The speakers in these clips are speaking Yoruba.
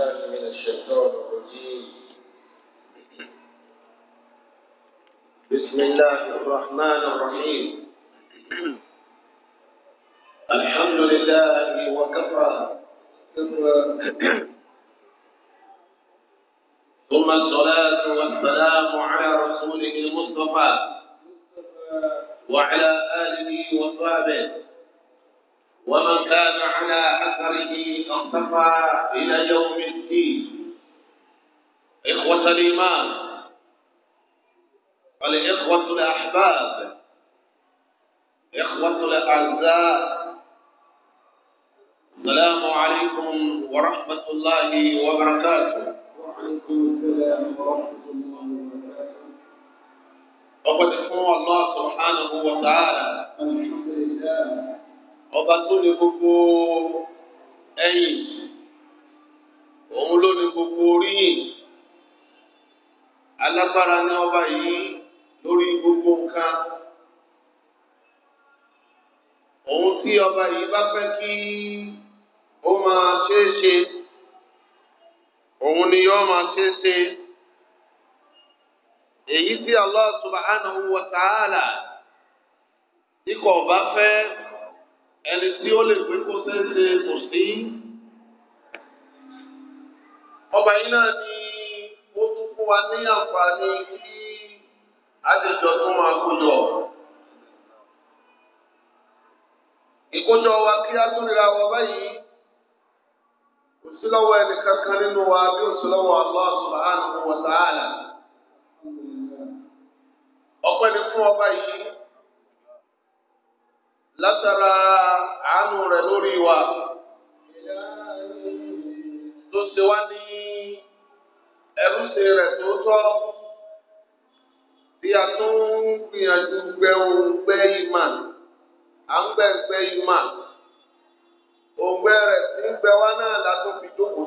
بالله من الشيطان الرجيم بسم الله الرحمن الرحيم الحمد لله وكفى ثم الصلاة والسلام على رسوله المصطفى وعلى آله وصحبه ومن كان على أثره اقتفى إلى يوم الدين إخوة الإيمان الاخوه الأحباب إخوة الأعزاء السلام عليكم ورحمة الله وبركاته وعليكم السلام ورحمة الله وبركاته وقد الله سبحانه وتعالى الحمد لله ọba tó ní gbogbo ẹ̀yìn òun ló ní gbogbo oríyìn alágbára ní ọba yìí lórí gbogbo nǹkan òun tí ọba yìí bá fẹ́ kí ó máa ṣeé òun ni yóò máa ṣeé èyí tí Allah subhanahu wa ta'ala tí kò fẹ́ ẹni tí ó lè pé kó sẹ́sẹ́ kò sí. ọba yìí náà ni ó tún fún wa ní àǹfààní kí àdéjọ tó máa kójọ. ìkójọ wa kí á tún ríra wa báyìí kò sí lọ́wọ́ ẹnì kankan nínú wa bí ó sì lọ́wọ́ Allah subhanahu wa ta'ala. ọpẹ́ ni fún ọba yìí. látara àánú rẹ̀ lórí wa tó ṣe wá ní ẹrúṣe rẹ̀ tó tọ́ bí a tún gbìyànjú gbẹ ohun gbẹ ìmà à ń gbẹ gbẹ ìmà òǹgbẹ rẹ̀ tí ń gbẹ wá náà la tó fi jókòó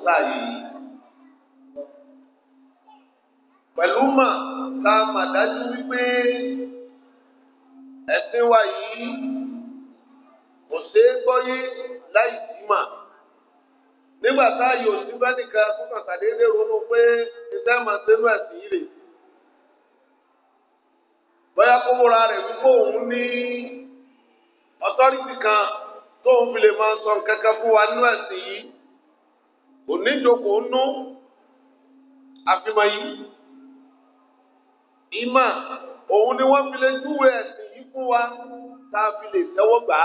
kò ṣeé gbọ́yé láì sí mà nígbà táyì òsì bá nìkan kúkàn sàdédé ronú pé iṣẹ́ máa ṣẹ́nu ẹ̀sìn yìí rè bóyá kó múra rẹ̀ wípé òun ní ọtọ́rìtì kan tóun fi lè máa sọ nǹkan kan fún wa nínú ẹ̀sìn yìí kò níjókòó nú àfimọ́ yìí ìmọ̀ òun ni wọ́n fi lè júwe ẹ̀sìn yìí fún wa tá a fi lè tẹ́wọ́ gbà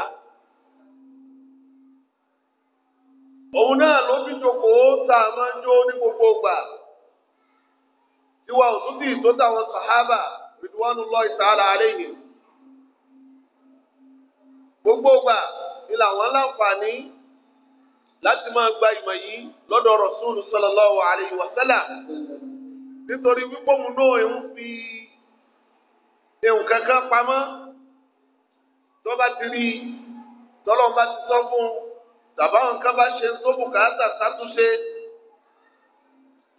òun náà ló fi jókòó tá a máa ń jó ní gbogbo ìgbà tiwa òtútì tó táwọn sàhábà rìdíwọ́nù lọ ìtàlá àlẹ́yìn gbogbo ìgbà ni làwọn láǹfààní láti máa gba ìmọ̀ yìí lọ́dọ̀ Rasulu sallallahu alayhi wa sallam nítorí wípé òun náà ń fi ẹ̀hùn kankan pamọ́ tó bá ti rí tọ́lọ́ bá ti sọ fún un. tàbáwọn kan bá ṣe tó bùkátà sátúnṣe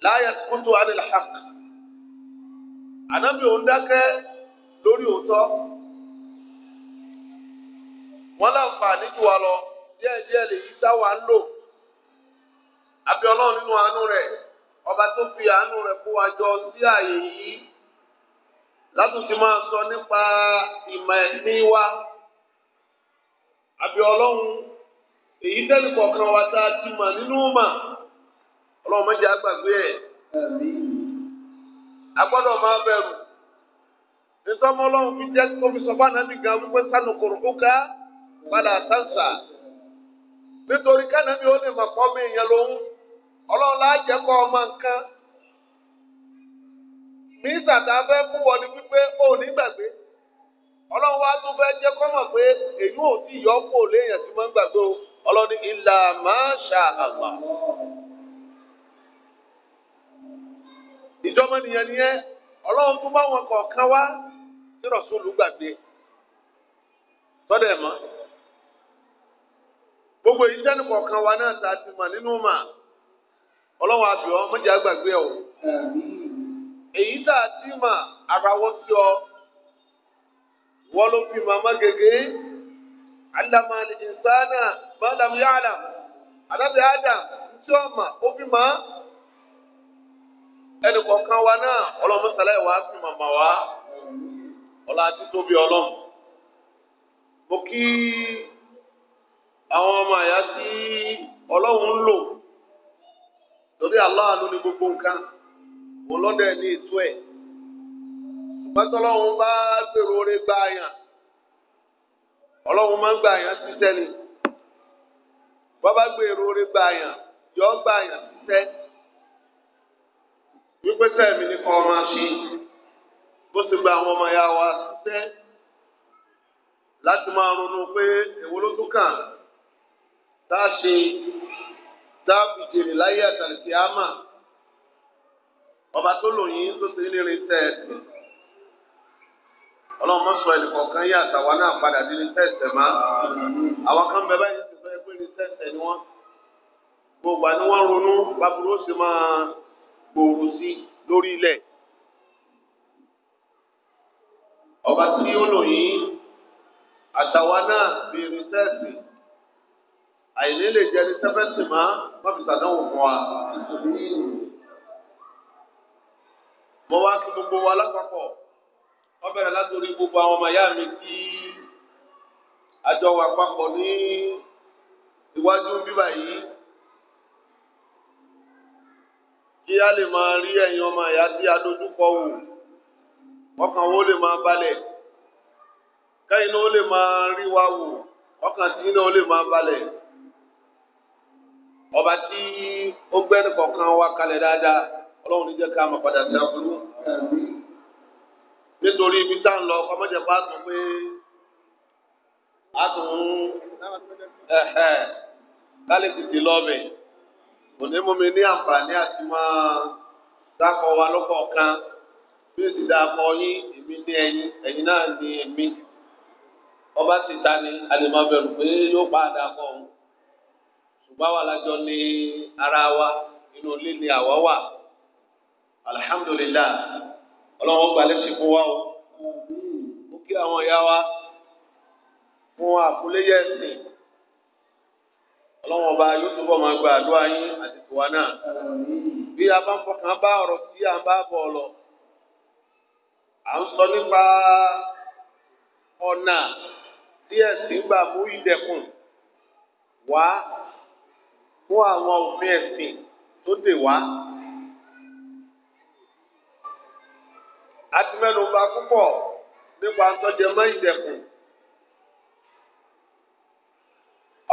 láyà kútu alilhaq ànábì òun dákẹ́ lórí òótọ́ wọn láǹfààní jù wá lọ díẹ̀díẹ̀ lèyí táwa ń lò àbí nínú àánú ọba tó fi àánú rẹ̀ kó wa jọ sí àyè sọ nípa wa èyí tẹ́lẹ̀ kọ̀ọ̀kan wa tá a ti mà nínú mà ọlọ́run méjì àgbàgbé ẹ̀. a gbọ́dọ̀ máa bẹ̀rù nítorí ọlọ́run fi jẹ́ kó fi sọ fún gan wípé sanu ká padà sáǹsà nítorí kánábì ó lè mà pọ́ mi ìyẹn lòun ọlọ́run kọ́ ọmọ nǹkan tá a fẹ́ fún wọn ni wípé ó ní gbàgbé ọlọ́run wa tún fẹ́ jẹ́ o. ọlọ́ni ilà máṣá àgbà. ìjọba nìyẹn ọlọ́run tó bá wọn kọ̀ọ̀kan wá tí rọ̀ṣúlù gbàgbé tọ́dẹ̀ mọ́. gbogbo èyí jẹ́ nìkọ̀ọ̀kan wa náà ta ti mọ̀ nínú mà ọlọ́run àbíọ́ mọ́jà gbàgbé ọ̀. èyí ti mà arawọ́ sí ọ wọ́n ló fi màmá gègé malam ya'lam àdábì àdà tí ó mà ó fi mà á ẹnì kọ̀ọ̀kan wa náà ọlọ́run sàlẹ̀ wá sí màmá wa ọlá àti tóbi ọlọ́run mo kí àwọn ọmọ àyà tí ọlọ́run lò lórí aláàánú ní gbogbo nǹkan òun lọ́dẹ̀ ní ètò ẹ̀ bá gbèrò gba máa gba sí bàbá gbèrò orí gba àyàn yọ gba àyàn tẹ́ wípé sẹ́ẹ̀mì ní kan máa ṣe bó ti gba àwọn ọmọ ya wa tẹ́ láti máa ronú pé èwo ló tún kàn tá a ṣe tá a fi jèrè láyé àtàlẹ́sẹ̀ àmà ọba tó lò yín tó ti ní irin tẹ́ ẹ̀sìn ọlọ́run mọ̀ sọ ẹnìkọ̀ọ̀kan yé àtàwọn náà padà nínú tẹ́ má àwọn kan bẹ báyìí kírísítẹ́sẹ̀ ni wọ́n gbogbo àni wọ́n ronú báburú sì máa gbòòrò sí lórí ilẹ̀ ọba tí ó lò yìí àtàwa náà béèrè sẹ́ẹ̀sì àìní lè jẹ ní sẹ́fẹ̀sì má má fi sàdánwò fún wa. mo wá kí gbogbo wa lápapọ̀ wọ́n bẹ̀rẹ̀ látòrí gbogbo àwọn ọmọ ìyá mi tí àjọ wà papọ̀ ní iwájú bíbà yìí kí a lè máa rí ẹ̀yin ọmọ ìyá tí a dojúkọ wò ọkàn wo lè máa balẹ̀ kẹ́yìn náà ó lè máa rí wa wò ọkàn tí náà ó lè máa balẹ̀ ọba tí ó gbẹ́ni kọ̀ọ̀kan wa kalẹ̀ dáadáa ọlọ́run ní jẹ́ ká máa padà sí abúlé nítorí ibi tá à ń lọ ọmọ jẹ́ bá tún pé a tún kálí tètè lọ́ọ̀bẹ̀ òní mú mi ní àǹfààní àti máa dákọ̀ wa lọ́kọ̀ kan bí o ti dákọ̀ yín èmi ní ẹ̀yin ẹ̀yin náà ní èmi ọba ti ta ni a lè máa bẹ̀rù pé yóò bá a dákọ̀ òun ṣùgbọ́n àwa lájọ ní ara wa inú ilé ni àwa wà alihamudulilayi ọlọ́run gbalẹ̀ sí fún wa o ó kí àwọn ìyá wa. fún àkúléyẹ ẹ̀sìn ọlọ́wọ́n ọba yóò túbọ̀ máa gba àdúrà yín àti tìwa náà bí a bá ń fọkàn bá ọ̀rọ̀ tí a bá bọ̀ lọ à ń sọ nípa ọ̀nà tí ẹ̀sìn gbà mú ìdẹ̀kùn wá fún àwọn òfin ẹ̀sìn tó dè wá.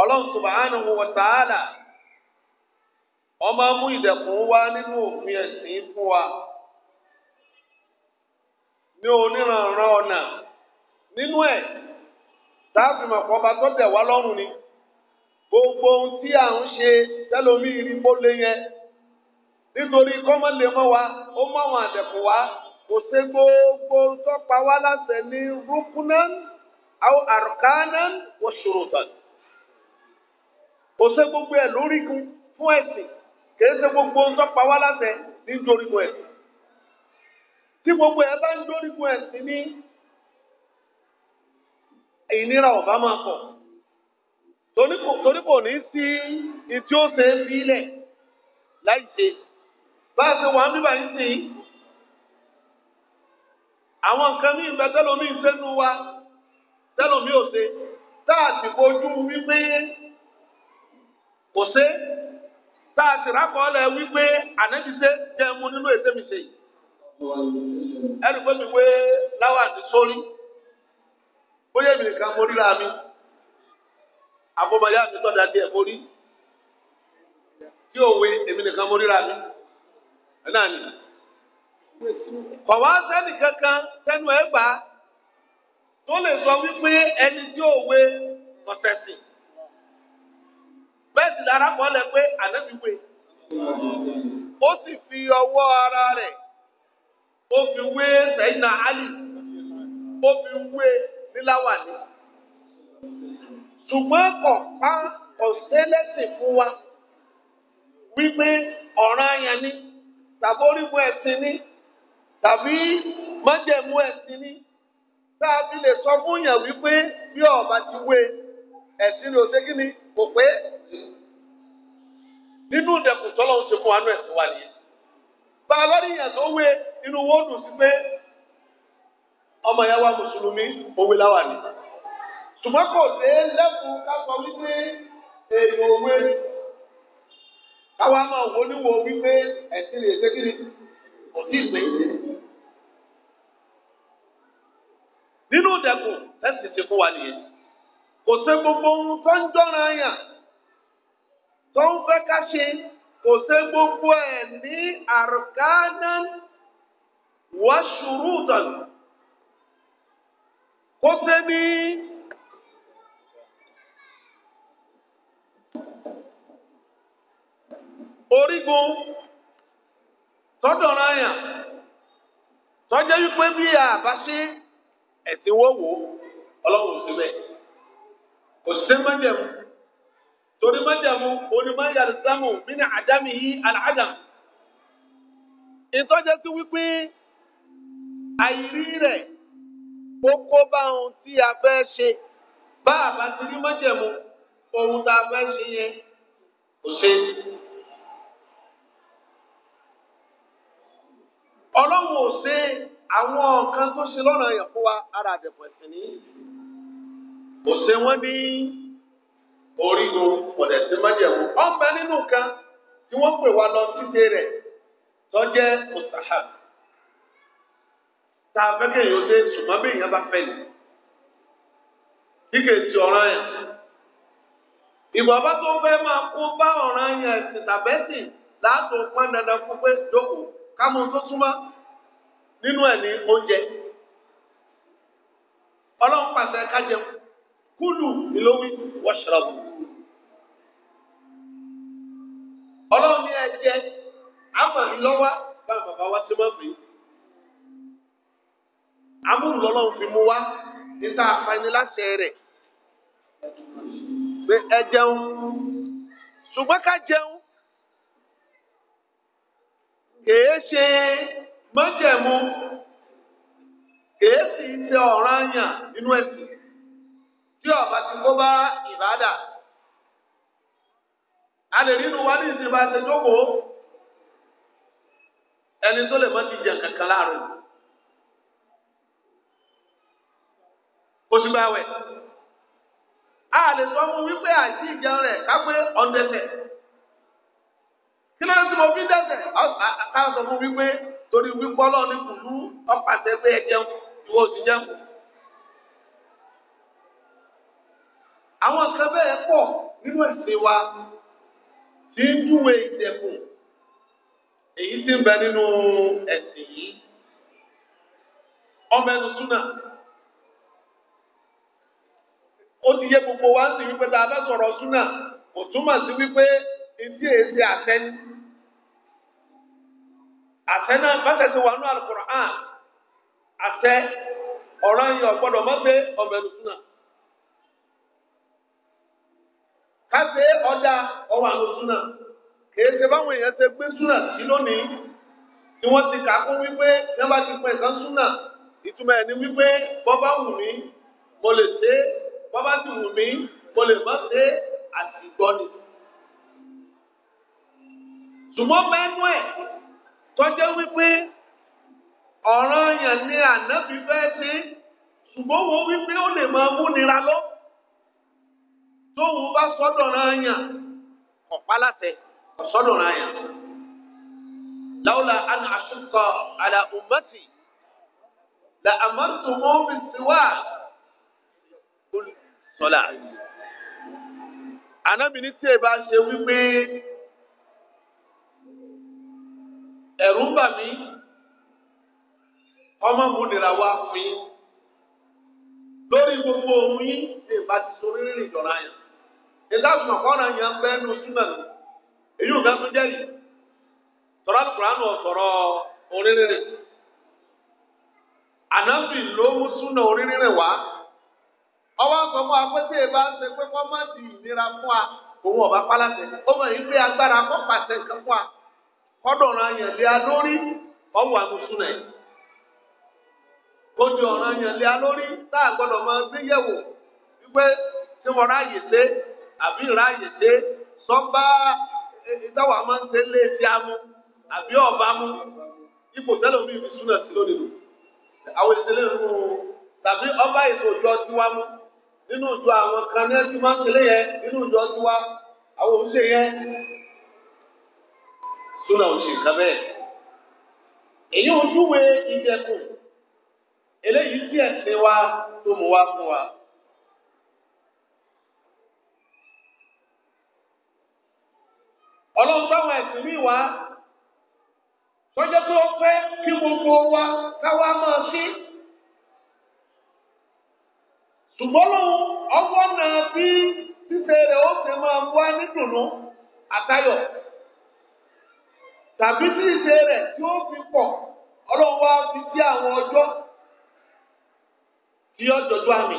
ọlọ́run subhanahu wa ta'ala ọmọ mú ìdẹ̀kùn wá nínú òfin ẹ̀sìn fún wa ní oníranran ọ̀nà nínú ẹ̀ táàfin mọ̀kọ́ bá tó tẹ̀ wá lọ́rùn ni gbogbo ohun tí à ń ṣe tẹ́lómi ìrìnbó lé yẹn nítorí kọ́mọ́ wa ó mọ́ àwọn àdẹ̀kùn wa kò ṣe gbogbo tọ́pa wá láṣẹ ní rúkúnán àrùkánán wọ́n ṣòro kò ṣe gbogbo ẹ̀ lórígun fún ẹ̀sìn kì í ṣe gbogbo ń tọ́pa wá láṣẹ ní dorígun ẹ̀sìn tí gbogbo ẹ̀ bá ń dorígun ẹ̀sìn ní ìnira ọ̀bá máa pọ̀ torí kò ní sí ìtí ó ṣe é sílẹ̀ láì ṣe bá a ṣe wà ń bíbá yín sí àwọn nǹkan ní ìgbà tẹ́lómi ń wa tẹ́lómi ò ṣe tá a sì fojú wípé kò sí tá a sì rákọọlẹ wípé ànábi ṣe jẹ mu nínú ètè mi ṣe ẹni pé mi wé láwà àti sórí bóyá èmi nìkan mo ríra mi àbọ̀bọ̀yá mi tọ́jà díẹ̀ mo rí tí òwe èmi nìkan mo ríra mi ẹ̀ náà nìyí kọ̀wá sẹ́nì kankan sẹ́nu ẹ̀ gbà tó lè sọ wípé ẹni tí òwe ọ̀sẹ̀ sìn bẹ́ẹ̀ sì lára kọ́ lẹ pé ànábì wé ó sì fi ọwọ́ ara rẹ̀ ó fi wé sẹ́yìnà Àlì ó fi wé níláwàní ṣùgbọ́n kọ̀ọ̀pá ọ̀sẹ́lẹ́sìn fún wa wípé ọ̀ràn ayàn ni tàbí orígun ẹ̀sìn ni tàbí májẹ̀mú ẹ̀sìn ni tá a fi lè sọ fún yàn wípé bí ọba ti wé ẹ̀sìn ló ṣe ni kò pé. nínú ìdẹ̀kùn tọ́lọ́ ń ṣe fún wa ẹ̀sìn wa nìyẹn bá a inú dùn sí pé ọmọ ìyá wa mùsùlùmí òwe láwà ṣùgbọ́n kò dé lẹ́kùn ká sọ wípé èèyàn òwe káwa máa wò níwò wípé ẹ̀sìn lè ṣe kíni kò pé nínú ẹ̀sìn tó ń fẹ́ ká ṣe kò ṣe gbogbo ẹ̀ ní arkanan wa shurutan kó ṣe ní. orígun tọdọrọ yàn tọjọ wípé bí àbá ṣe ẹsìn wọwọ Ọlọ́run ò sí kò sí sẹmọdẹmù torí májàmú onímọ̀yà sámù mínú àdámì yí àlàádàm. ìtọ́jẹ́ sí wípé àìrí rẹ̀ ó kó bá ohun tí a fẹ́ ṣe bá a bá ti rí májàmú ohun tá a fẹ́ ṣe yẹn kò ṣe. ọlọ́run ò ṣe àwọn nǹkan tó ṣe lọ́nà yẹn wa ara àdẹ̀pọ̀ ẹ̀sìn ní. kò ṣe wọ́n ní. orígun ọ̀dẹ̀ sí májẹ̀mú ọ̀nbẹ nínú nǹkan tí wọ́n pè wá lọ síse rẹ̀ tọ́jẹ́ mustahab tá a fẹ́ kéèyàn dé ṣùgbọ́n bí èèyàn bá fẹ́ ni kíkè ti ọ̀ràn yẹn tó fẹ́ máa kó bá ọ̀ràn yẹn láàtò dandan fún pé jókòó tẹ́ ẹ jẹ amọ̀lọ́wá bá bàbá wa ti máa pè é. amúlọ́lọ́run fi mú wa níta afániláṣẹ rẹ̀ pé ẹ jẹun ṣùgbọ́n ká jẹun kèé ṣe mọ́jẹ̀mú kèé sì ṣe ọ̀ranyàn nínú ẹ̀sìn tí ọba ti kó bá ìbádà a lè rí inú wa ní ìsìn bá ṣe jókòó ẹni tó lè mọ ti jẹ kankan láàrin oṣù báwẹ̀ a lè sọ fún wípé àìsí ìjà rẹ̀ kápé ọ̀ndẹ̀sẹ̀ kí ló ń tí mo fi dẹ́sẹ̀ ká sọ fún wípé torí wípé ọlọ́ọ̀ni kùlú ọ̀pàṣẹ pé ẹ jẹun ìwọ ò jẹun. àwọn kan bẹ́ẹ̀ pọ̀ nínú ẹ̀sìn wa tí ń júwe ìdẹ̀kùn èyí tí ń bẹ nínú ẹ̀sìn yìí ọmọ ẹnu súnà ó ti yẹ gbogbo wa ń wípé tá a bá sọ̀rọ̀ súnà kò túmọ̀ sí wípé etí èsì àtẹni àtẹ náà mọ́tẹ̀sí wà nú Al-Qur'an àtẹ yìí ọ̀gbọ́dọ̀ mọ́tẹ́ ọmọ ẹnu súnà. káṣe ọjà ọwọ́ àwọn súnà kìí ṣe báwọn èèyàn ṣe gbé súnà sí lónìí tí wọ́n ti kà á fún wípé yẹn bá ti pín nǹkan súnà ìtumọ̀ ẹ̀ ni wípé bọ́bá wù mí mo lè ṣe é bọ́bá sì wù mí mo lè má ṣe é àti gbọ́ni. ṣùgbọ́n mẹ́nu ẹ̀ tọ́jọ́ wípé ọ̀ràn yẹn ni ànábì fẹ́ ṣe ṣùgbọ́n wo wípé ó lè máa múnira lọ́wọ́ tóun bá sọ́dọ̀ náà yàn ọ̀pá látẹ̀ sọ́dọ̀ náà yàn. láwùlà àna àṣùkọ àlà ummati la àmọ́tò wọn fi tiwá sọlá. anábìíní tí èèbá ṣe wípé ẹ̀rù ń bà mí ọmọ mu nira wá fún yín lórí gbogbo ohun yín èèbá ti sọ rírìn ìjọra yẹn. ìsàtúmọ̀ àkọ́ràn yẹn ń bẹ́ nu súnmọ̀ èyí ò fẹ́ tún jẹ́rìí tọ́lá kùránù ọ̀sọ̀rọ̀ orírìnrìn ànábì ló mú súnà orírìnrìn wa pé tí èèbá ń ṣe pé kọ́ má a lórí ọwọ́ àmú a lórí tá a gbọ́dọ̀ máa àbí ìráyè dé sọ́gbà ìtawà máa ń ṣe lé ti amú àbí ọba mú ipò tẹ́lẹ̀ omi ìfi súnà sí lónìí lò àwọn ìṣẹ̀lẹ̀ nù tàbí ọba ètò ìjọ tiwa mú nínú ìjọ àwọn kan ní ẹtí máa ń ṣẹlẹ̀ yẹn nínú ìjọ tiwa àwọn òṣìṣẹ́ yẹn súnà òṣì kan bẹ́ẹ̀ èyí ojúwe ìjẹkùn eléyìí sí ẹ̀sìn wa tó mú wá fún wa. ọlọ́run táwọn ẹ̀sìn mi wá tó kí gbogbo wa káwá máa sí. ṣùgbọ́n lóhun ọwọ́ náà bí ṣíṣe rẹ̀ ó ṣe máa wá ní dùnú àtayọ̀ tàbí tí ìṣe rẹ̀ tí ó fi pọ̀ ọlọ́run wá fi sí àwọn ọjọ́ tí àmì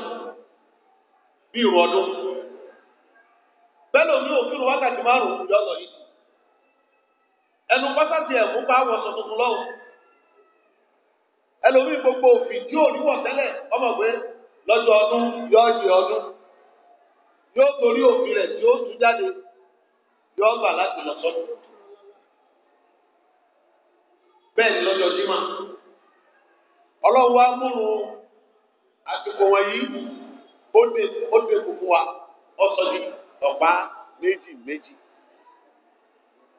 ẹnu pátá tiẹ̀ mú pa àwọ̀sọ̀ tuntun lọ́wọ́ ẹlòmíì gbogbo òfin tí ò níwọ̀ tẹ́lẹ̀ ọmọ lọ́jọ́ ọdún yóò di ọdún yóò torí òfin rẹ̀ tí ó tú jáde yóò gbà láti lọ sọ́dún bẹ́ẹ̀ ni lọ́jọ́ dímà ọlọ́run wa múru àsìkò wọ̀nyí ó dé kúkú wa ọ̀sọ̀ di ọ̀pá méjì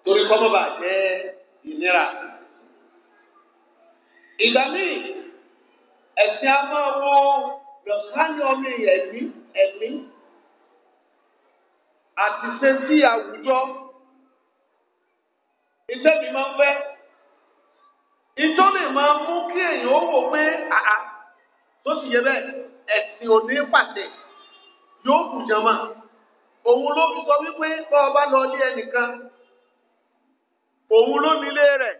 torí kọ́ mọ́ bà jẹ́ ìnira. ìgbà míì ẹ̀sìn á máa wo lọ́sàn-án ọmọ ẹ̀mí ẹ̀mí àti ṣe sí àwùjọ iṣẹ́ mi máa ń fẹ́ ìjọ lè máa mú kí èèyàn ó wò pé àá tó sì yẹ bẹ́ẹ̀ ẹ̀sìn òní pàṣẹ yóò kù jẹun mọ́ òun ló fi sọ wípé bọ́ ọ lọ ilé ẹnìkan òun ló nílé rẹ̀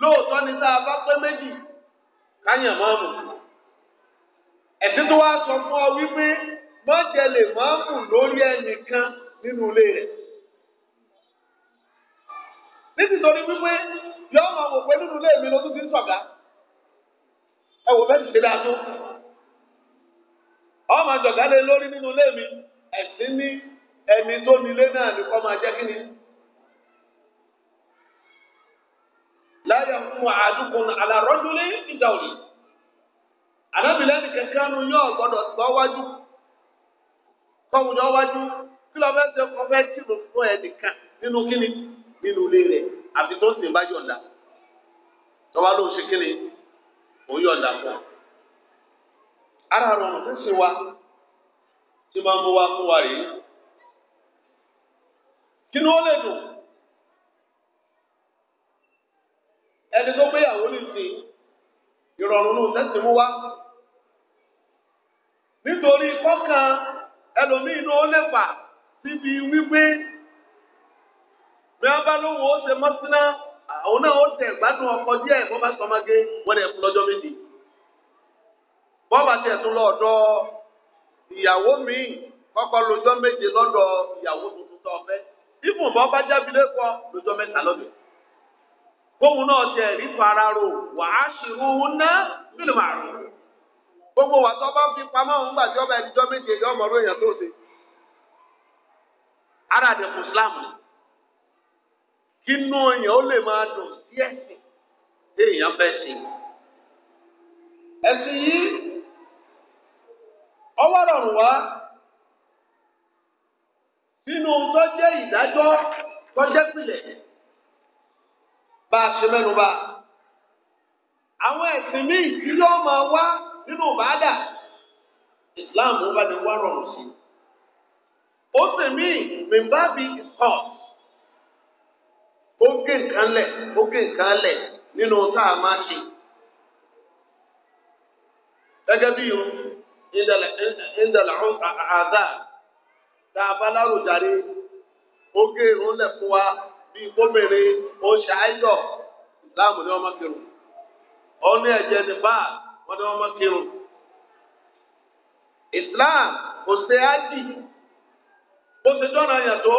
lóòótọ́ ni tá a bá pé méjì káyàn máa mú ẹ̀sìn tó wá sọ fún ọ wípé mọ́jẹ̀lè máa mú lórí ẹnìkan nínú ilé nítorí wípé yọọ máa wò pé nínú ilé mi ló tún ti ń sọ̀gá ẹ wò bẹ́ẹ̀ dáa tó ọ máa jọ̀gá lé lórí nínú mi ẹ̀sìn ní ẹni tó nílé náà láyà fún àdúkùn alárọ́júlé ìdáwòlì anábìlẹ́nì kankan nu yóò gbọdọ̀ gbọ́ wájú kọ́wùjọ́ wájú kí lọ́ọ́ fẹ́ ṣe kọ́ fẹ́ tìrù fún ẹnìkan nínú kíni nínú ilé rẹ̀ àfi tó sì ń bá yọ̀ǹda tọ́wá ló ń ṣe kíni òun yọ̀ǹda fún ọ. ara rọrùn tó ṣe wa tí máa ń mú wa fún wa rèé kí ni ó lè dùn. ẹni tó gbéyàwó lè ṣe ìrọ̀rùn nù tẹ́sí mú wá nítorí kọ́kàn ẹlòmíì ló lè fà síbi wípé bí wọ́n bá lówó ó ṣe mọ́síná àwọn náà ó tẹ̀ gbádùn ọkọ̀ díẹ̀ bó bá sọmọge wọ́n dẹ̀ fún lọ́jọ́ méjì bọ́ọ̀bà tiẹ̀ tún lọ ọ̀dọ̀ ìyàwó mi kọ́kọ́ lọ́jọ́ méje lọ́dọ̀ ìyàwó tuntun tó ọ̀fẹ́ ibùn bọ́ọ̀bà jábílẹ̀ kọ́ lọ́jọ́ mẹ́ta lọ́dọ̀ kóhun náà jẹ ìrìtò ara wà á ṣìrú ná fílùmù àrùn gbogbo wà tó bá fi pamọ́ òun gbà ọba ẹ̀díjọ́ méje ọmọ èèyàn tó ṣe ara àdẹ̀kù Islam kínú èèyàn ó lè máa dùn sí ẹ̀sìn tí èèyàn yìí ọwọ́ rọrùn wá nínú tó jẹ́ ìdájọ́ tó jẹ́ pìlẹ̀ bá a ṣe mẹ́nu bá àwọn ẹ̀sìn míì tí yóò máa wá nínú ìbáàdà Islam ó bá ní wá rọrùn sí ó sì míì mìbábi ìsọ̀ ó gé nǹkan lẹ̀ ó gé nǹkan lẹ̀ nínú tá a máa ṣe gẹ́gẹ́ bí irun ìdàlẹ̀ àdá tá a bá láròjàre ó gé irun lẹ̀ fún wa. bíi kómìnrin ó ṣe àìdọ̀ láàmú ni wọ́n máa kírun ní ẹ̀jẹ̀ nípa Islam kò ṣe ájì bó ṣe dọ́nà yẹn tó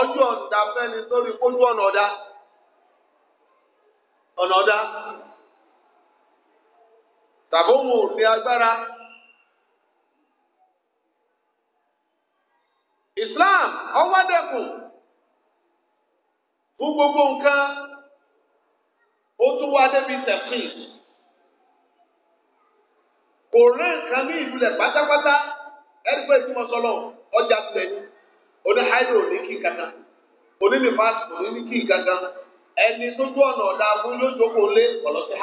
ọjọ́ ọ̀dà fẹ́ni sórí kójú ọ̀nà ọ̀dà ọ̀nà ọ̀dà ní agbára. Islam ọwọ́ dẹkùn. fún gbogbo nǹkan ó tún wá débi kò rán nǹkan ní ìlúlẹ̀ pátápátá ẹni pé tí mo sọ lọ ọjà tilẹ̀ ní oní hydro ní kí kankan oní nifas kò ní kí kankan ẹni ọ̀nà ọ̀dà fún yóò jókòó lé ọ̀lọ́sí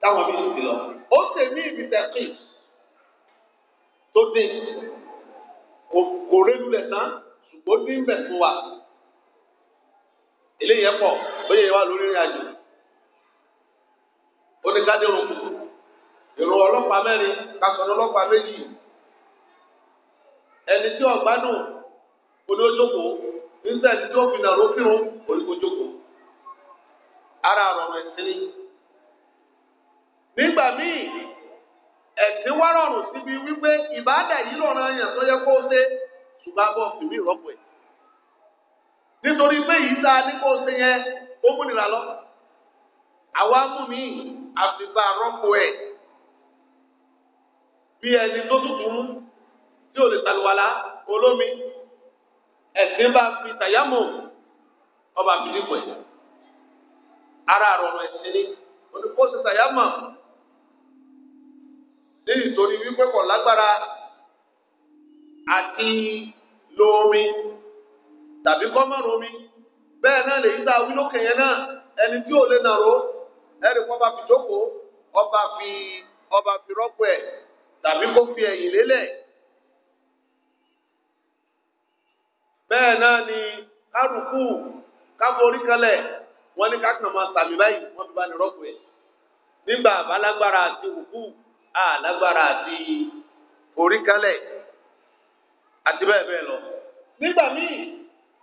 táwọn lọ ó sì ní tó dé kò tán ṣùgbọ́n eléyìí ẹ pọ̀ bóyá ìwà lórí ìrìn àjò oníkádé òkú ìrù ọlọ́pàá mẹ́rin kásán ọlọ́pàá méjì ẹni tí nígbà tí ó fi kò ní ojoko ara rọrùn ẹ̀sìn ni. nígbà míì ẹ̀sìn wá rọrùn síbi wípé ìbáàdà yìí kó ṣe ṣùgbọ́n abọ́ fìmí ẹ̀. nítorí pé yìí tá a ní kó ṣe yẹn ó múnira lọ àwa mú mi àfìgbà rọ́pò ẹ̀ bí ẹni tó tutù mú tí ò lè sàlùwàlá olómi ẹ̀sìn bá fi tàyámù ọba fìdíkọ̀ ẹ̀ ara àrọ̀rọ̀ ẹ̀sìn ni oníkó ṣe tàyámù níbi torí wípé kọ̀ lágbára àti lómi. tàbí kọ́ má romi bẹ́ẹ̀ náà lèyí a yẹn náà ẹni tí ò lè nàró ẹni kọ́ bá fi jókòó ọba fi fi rọ́pò ẹ̀ tàbí kó fi ẹ̀yìn lélẹ̀. bẹ́ẹ̀ ni kárùkù káforí kalẹ̀ wọ́n ní kákan máa báyìí wọ́n fi bá ní rọ́pò ẹ̀. nígbà àti àlágbára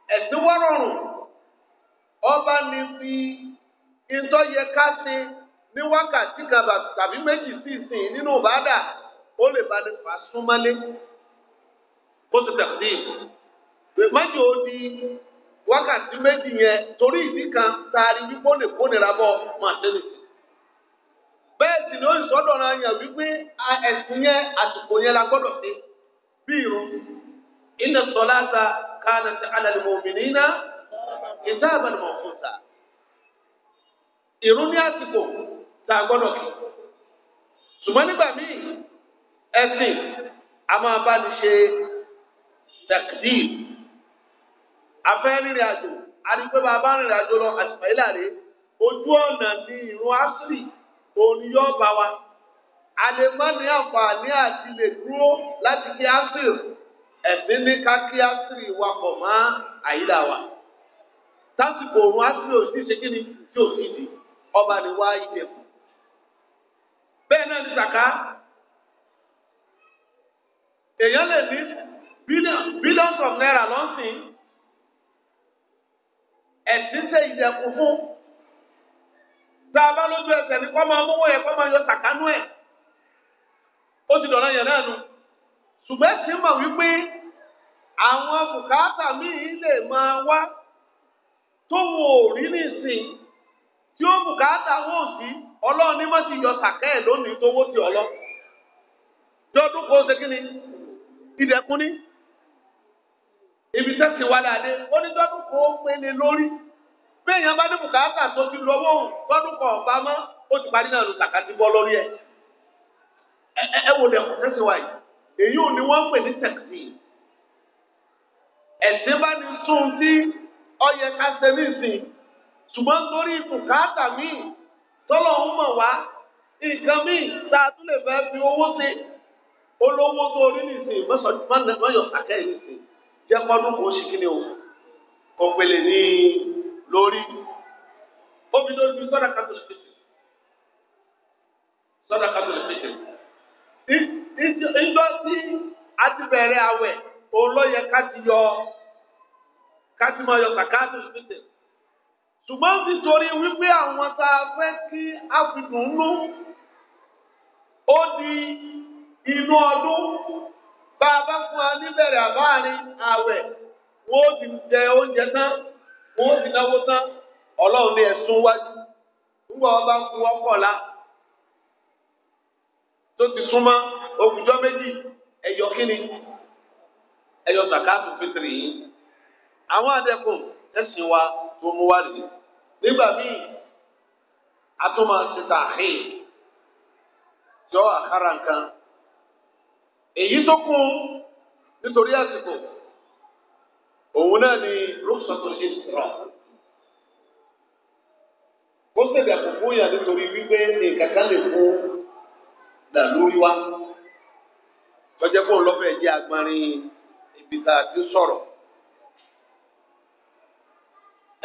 ẹ̀sìn ọba ní fi ìtọ́ ká ní wákàtí kan tàbí méjì sí ìsìn nínú ìbádà ó lè bá ní fà súnmọ́lé kó sì tẹ̀sí ó di wákàtí méjì yẹn torí ìdí kan taari wípé ó lè kó nira bọ́ máa tẹ́lẹ̀ bẹ́ẹ̀ sì ni ó ń كانت على المؤمنين كتابا موقوتا ìrun ní àsìkò tá a gbọ́dọ̀ kí ṣùgbọ́n nígbà míì ẹ̀sìn a máa bá ní ṣe tẹ̀kídìí afẹ́ rìnrìn àjò arígbé bá a bá rìnrìn àjò lọ àtìmọ́lá rè ojú ọ̀nà ní ìrun asiri òun yóò bá wa a lè má ní àǹfààní àti lè dúró láti kí asiri. ẹ̀sìn ní kákí ásírì wa wa tásìkò òun ásírì ṣe kí ni tí ò sí di ọba ni wá ìdè kù bẹ́ẹ̀ náà ní sàká èèyàn lè ní billions of naira lọ́sìn ẹ̀sìn ṣe fún tá a bá lójú ẹsẹ̀ ní yẹ yọ sàkánú ẹ̀ ó ti yẹn náà ṣùgbọ́n sì mọ̀ wípé àwọn bùkátà míì lè máa wá tó wo òrí nìsín tí ó bùkátà wò sí ọlọ́run ní mọ́ ti yọ sàkẹ́ ẹ̀ lónìí tó wó ti ọlọ́ jọdún kó ṣe kí ni ìdẹ̀kùn ní ibi tẹ́sí wa dáadé ó ní jọdún kó pele lórí bí èèyàn bá ní bùkátà tó ti lọ́wọ́ òun jọdún kan ọ̀pá mọ́ ó ti parí náà lu sàkà bọ́ lórí ẹ̀ ẹ wò lẹ̀kùn tẹ́sí wa yìí èyí ò ní wọ́n ń pè ní tẹ̀sí ẹ̀sìn bá ní sún tí ọyẹ ká ṣe nísìn ṣùgbọ́n torí bùkátà míì tọ́lọ̀ ń mọ̀ wá nǹkan míì tá a tún lè fẹ́ fi owó ṣe olówó tó orí nìsín mọ́yọ̀ sákẹ́ nìsín jẹ́ kọ́dún kò sí kíni o kò pèlè ní lórí omi lórí bí sọ́dà kátó ṣe tètè sọ́dà kátó ṣe tètè ìjọ tí a ti bẹ̀rẹ̀ àwẹ̀ òun ló yọ ká máa yọ sàkáàtì ìfìtẹ̀ ṣùgbọ́n nítorí wípé àwọn tá a fẹ́ kí a fi dùn ó di inú ọdún bá a bá fún wa níbẹ̀rẹ̀ àbáàrin àwẹ̀ wọ́n ó ti jẹ oúnjẹ tán wọ́n ó ti náwó tán ọlọ́run ní ẹ̀sùn wájú nígbà wọn bá ń kú ọkọ̀ la tó ti súnmọ́ ogúnjọ́ méjì ẹ̀yọ kínní ẹ̀yọ sàkáàtù fitiri yìí àwọn àdẹkùn ẹ̀sìn wa tó mú wá rèé nígbà míì atúmọ̀ títà àhìn jọ àkàrà nǹkan èyí tó kún nítorí àsìkò òun náà ni rúkṣọtò ìṣòro ó ṣèdàkùn fún yà nítorí wípé nǹkan kan lè fún là lórí wa lọ́jọ́ pé òun lọ́fẹ́ jẹ́ agbárin ibi tá a ti sọ̀rọ̀